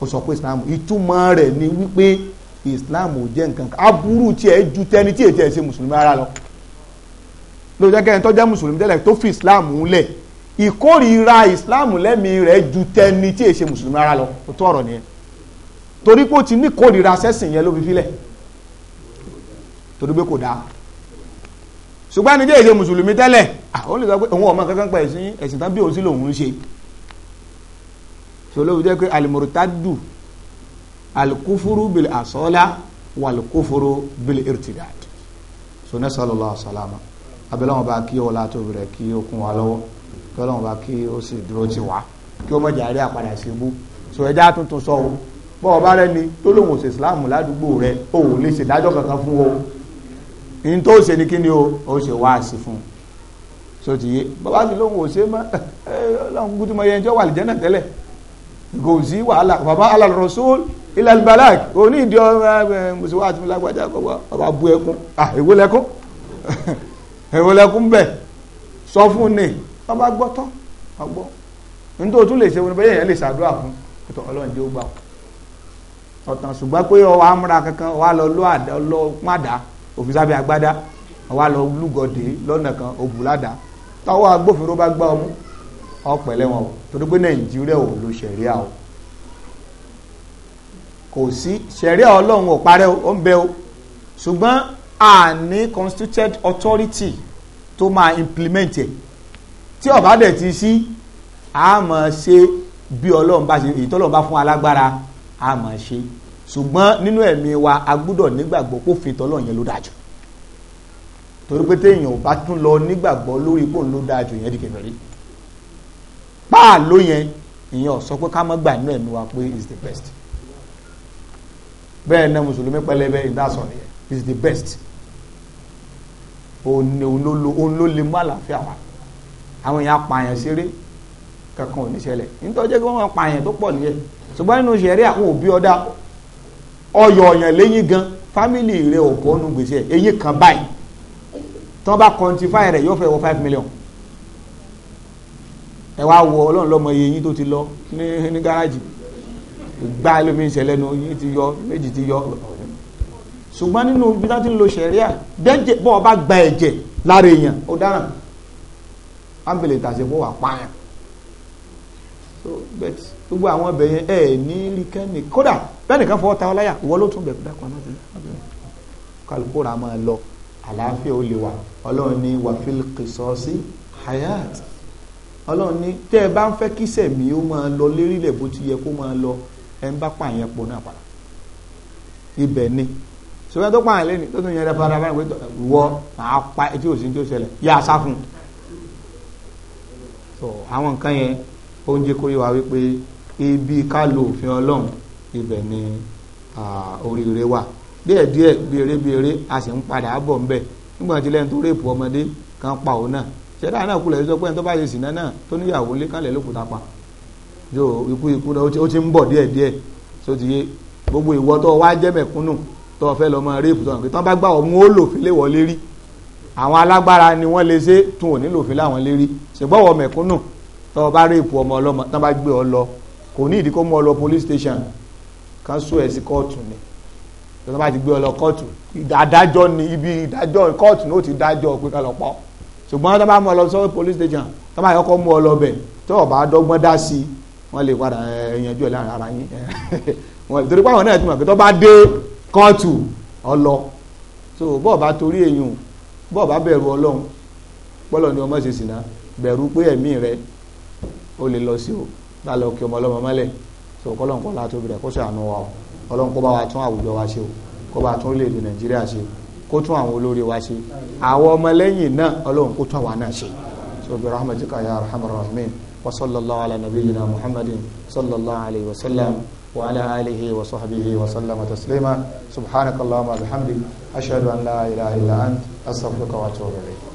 ó sọ pé islam ìtumọ̀ rẹ̀ ni wípé islam ò jẹ́ nǹkan kan aburú tiẹ̀ ju tẹni tí ètò ẹ̀ ṣe mùsùlùmí ara lọ lóò jẹ́ kẹ́ni tó jẹ́ mùsùlùmí tẹ́lẹ̀ tó fi islam ńlẹ̀ ìkórìíra islam lẹ́mìí rẹ̀ ju tẹni tí èṣe mùsùlùmí ara lọ kò tó ọ̀rọ̀ nìyẹn torí pé ó ti ní kórìíra sẹ́sìn yẹn ló fi filẹ̀ torí pé kò dáa ṣùgbọ́n ẹni tí èṣe mùsùlùmí tẹ́lẹ̀ àwọn olùsọ pé òun ọmọ kankan pa ẹ̀sìn ẹ̀sìn tán bí òun sí lòun ń ṣe olóbi jẹ́ pé alimurutadu alikufuru bil asọ́lá walikufuru bil irtidad so ní sallallahu salama abẹ́lẹ́wọ̀n bá kí ọlá tóbi rẹ̀ kí ó kún wa lọ́wọ́ kí ọlọ́wọ̀n bá kí ó sì dúró tì wá kí ó mọ̀jà rí àpadà sí ibú so ẹja tuntun sọ o bọ́ ọba rẹ ni tó lóun òsè islam ládùúgbò o ò lè ṣèdájọ́ kankan fún o ní tó ṣe ni kí ni o ó ṣe wá fún so ti yé bàbá mi lóun òsè mọ́ ẹ ọlọ́run kútu mọ ẹyẹ ẹjọ́ wà lìjẹ́ náà tẹ́lẹ̀ gòzí wàhálà bàbá alàlùrọ̀sọ́ọ̀lù ilàlùbàlàk òní ìdí ọ̀rọ̀ mùsùlùmí àti mùlágbàjà kọ̀wá bàbá bu ẹkún ah èwo lẹkún èwo lẹkún bẹ̀ sọ fún ni bàbá gbọ́ tán ọgbọ́ nítorí tún lè ṣe wọn bẹ́ẹ̀ yẹn lè ṣàdúrà fún ètò ọlọ́run tí ó gbà ọ̀tàn ṣùgbọ́n pé ọwọ́ amúra kankan wà lọ lọ àdá lọ pàdá òfin sábẹ́ agbádá wà lọ lúgọ̀dé lọ́nà kan òbúládàá táwọn agbófinró bá gbá ọmú ọ̀pẹ̀lẹ̀ wọn o torí pé nàìjíríà ò lo ṣẹ̀ríà o kò sí ṣẹ̀ríà ọlọ́run ò parẹ́ ó ń bẹ o ṣùgbọ́n a ní constituted authority tó máa implement ẹ̀ tí ọ̀bá dẹ̀ ti sí a máa ṣe bí ọlọ́run bá ṣe èyí tọ́lọ́run bá fún alágbára a máa ṣe ṣùgbọ́n nínú ẹ̀mí wa a gbúdọ̀ nígbàgbọ́ pófin tọ́lọ́run yẹn ló dájú torí pé téèyàn ò bá tún lọ nígbàgbọ́ lórí pòun ló dájú yẹn di kèfèrí páàló yẹn ìyẹn ọ̀ sọ pé ká mọ́ gbà nínú ẹ̀mí wa pé is the best bẹ́ẹ̀ náà mùsùlùmí pẹlẹbẹ ìdásọ̀ nìyẹn is the best òun ló lè mú àlàáfíà wa àwọn èèyàn apààyàn ṣeré kankan ò ní ṣẹlẹ̀ nítorí jẹ́ kí wọ́n apààyàn tó pọ̀ nìyẹn ṣùgbọ́n nínú ṣẹ̀rí àwọn òbí ọ̀dà ọyọ̀ ọ̀yàn lẹ́yìn gan fámìlì rẹ̀ ò bọ́nu gbèsè ẹ̀yìn kan báyìí tí wọ́n bá kọ́ntífáì rẹ̀ yóò fẹ́ wọ five million ẹ wá wọ ọlọ́run lọ́mọ iye tó ti lọ ní ní gáràjì gbá lómi ìṣẹ̀lẹ̀ nu yín ti yọ méjì ti yọ ṣùgbọ́n nínú bí wọ́n ti ń lo sẹ̀ríà dẹ́jẹ̀ bọ́ ọ gba ẹ̀jẹ̀ lára èèyàn ó dáràn ámbèlè tàṣẹ fún wà pààyàn so bet gbogbo àwọn ọbẹ̀ yẹn ẹ̀ ní rikẹ́ni kódà bẹ́ẹ̀ nìkan fọwọ́ ta ọ láyà ìwọ ló tún bẹ̀ dákun àná tẹ̀lé kálukú ra máa lọ àlàáfíà ó lè wà ọlọ́run ní wàfíìl kìsọ́ọ́sì hayat ọlọ́run ní tẹ́ ẹ bá ń fẹ́ kí sẹ̀mí ó máa lọ lérílẹ̀ bó ti yẹ kó máa lọ ẹ ń bá pààyàn pọ̀ náà padà ibẹ̀ ni ṣùgbọ́n tó pààyàn lẹ́ni tó tún yẹn rẹ padà báyìí pé wọ màá pa etí òsì tí ó ṣẹlẹ̀ yá a sá fún un so àwọn nǹkan yẹn oúnjẹ kó yẹ wá wípé ibi ká lo òfin ọlọ́run ibẹ̀ ni oríire wà díẹ̀ díẹ̀ bí eré bí eré a sì ń padà bọ̀ ń bẹ̀ nígbà tí lẹ́nu tó rèpù ọmọdé kan pa òun náà ṣẹ̀dá náà kulẹ̀ sọ pé ẹni tó bá ṣe sìnà náà tó níyàwó ńlé kálẹ̀ ló pa jo ikú ikú náà ó ti ń bọ̀ díẹ̀ díẹ̀ tó ti yé gbogbo ìwọ tó wá jẹ́ mẹ̀kúnnù tó fẹ́ lọ mọ réèpù tó pé tán bá gbà ọmú ó lòfin lé wọlé rí àwọn alágbára ni wọ́n lè ṣe tún òní lòfin láwọn lé rí ṣùgbọ́n wọ mẹ̀kúnnù tó bá réèpù ọmọ ọlọ́mọ tán bá gbé ọ lọ kò ní ìdí kó mú ọ lọ police station kan sún ẹ sí kóòtù ni tó bá ti gbé ọ lọ kóòtù ìdájọ́ ni ibi ìdájọ́ kóòtù ni ó ti dájọ́ pé ká lọ pọ́ ṣùgbọ́n tó bá mú ọ lọ sọ police station tó bá yọkọ mú ọ lọ bẹ̀ tó o bá dọ́gbọ́n dá sí i wọ́n lè padà ẹ̀yànjú ẹ̀ lára yín wọ́n torí pé àwọn náà ti mọ̀ pé tó bá dé kóòtù ọlọ so bọ́ọ̀ bá torí èèyàn bọ́ọ̀ bá bẹ̀rù ọlọ́run pọ́lọ̀ ni ọmọ ṣe sìnà bẹ̀rù pé ẹ̀mí rẹ ó lè lọ sí o bá lọ kí ọmọ ọlọ́mọ mọ́lẹ̀ so kọ́lọ́nkọ́ látó bẹ̀rẹ̀ kó ṣàánú wa o ọlọ́run kó bá wa tún àwùjọ wa ṣe o kó bá tún orílẹ̀-èdè Nàìjíríà ṣe o kó tún àwọn olórí wa ṣe àwọn ọmọlẹ́yìn náà ọlọ́run kó tún àwa náà ṣe sobi rahmatika ya arhamar rahimin wa sallallahu ala nabiyyina muhammadin sallallahu alayhi wa sallam wa ala alihi wa sahbihi wa sallama taslima subhanakallahumma bihamdik ashhadu an la ilaha illa ant astaghfiruka wa atubu ilayk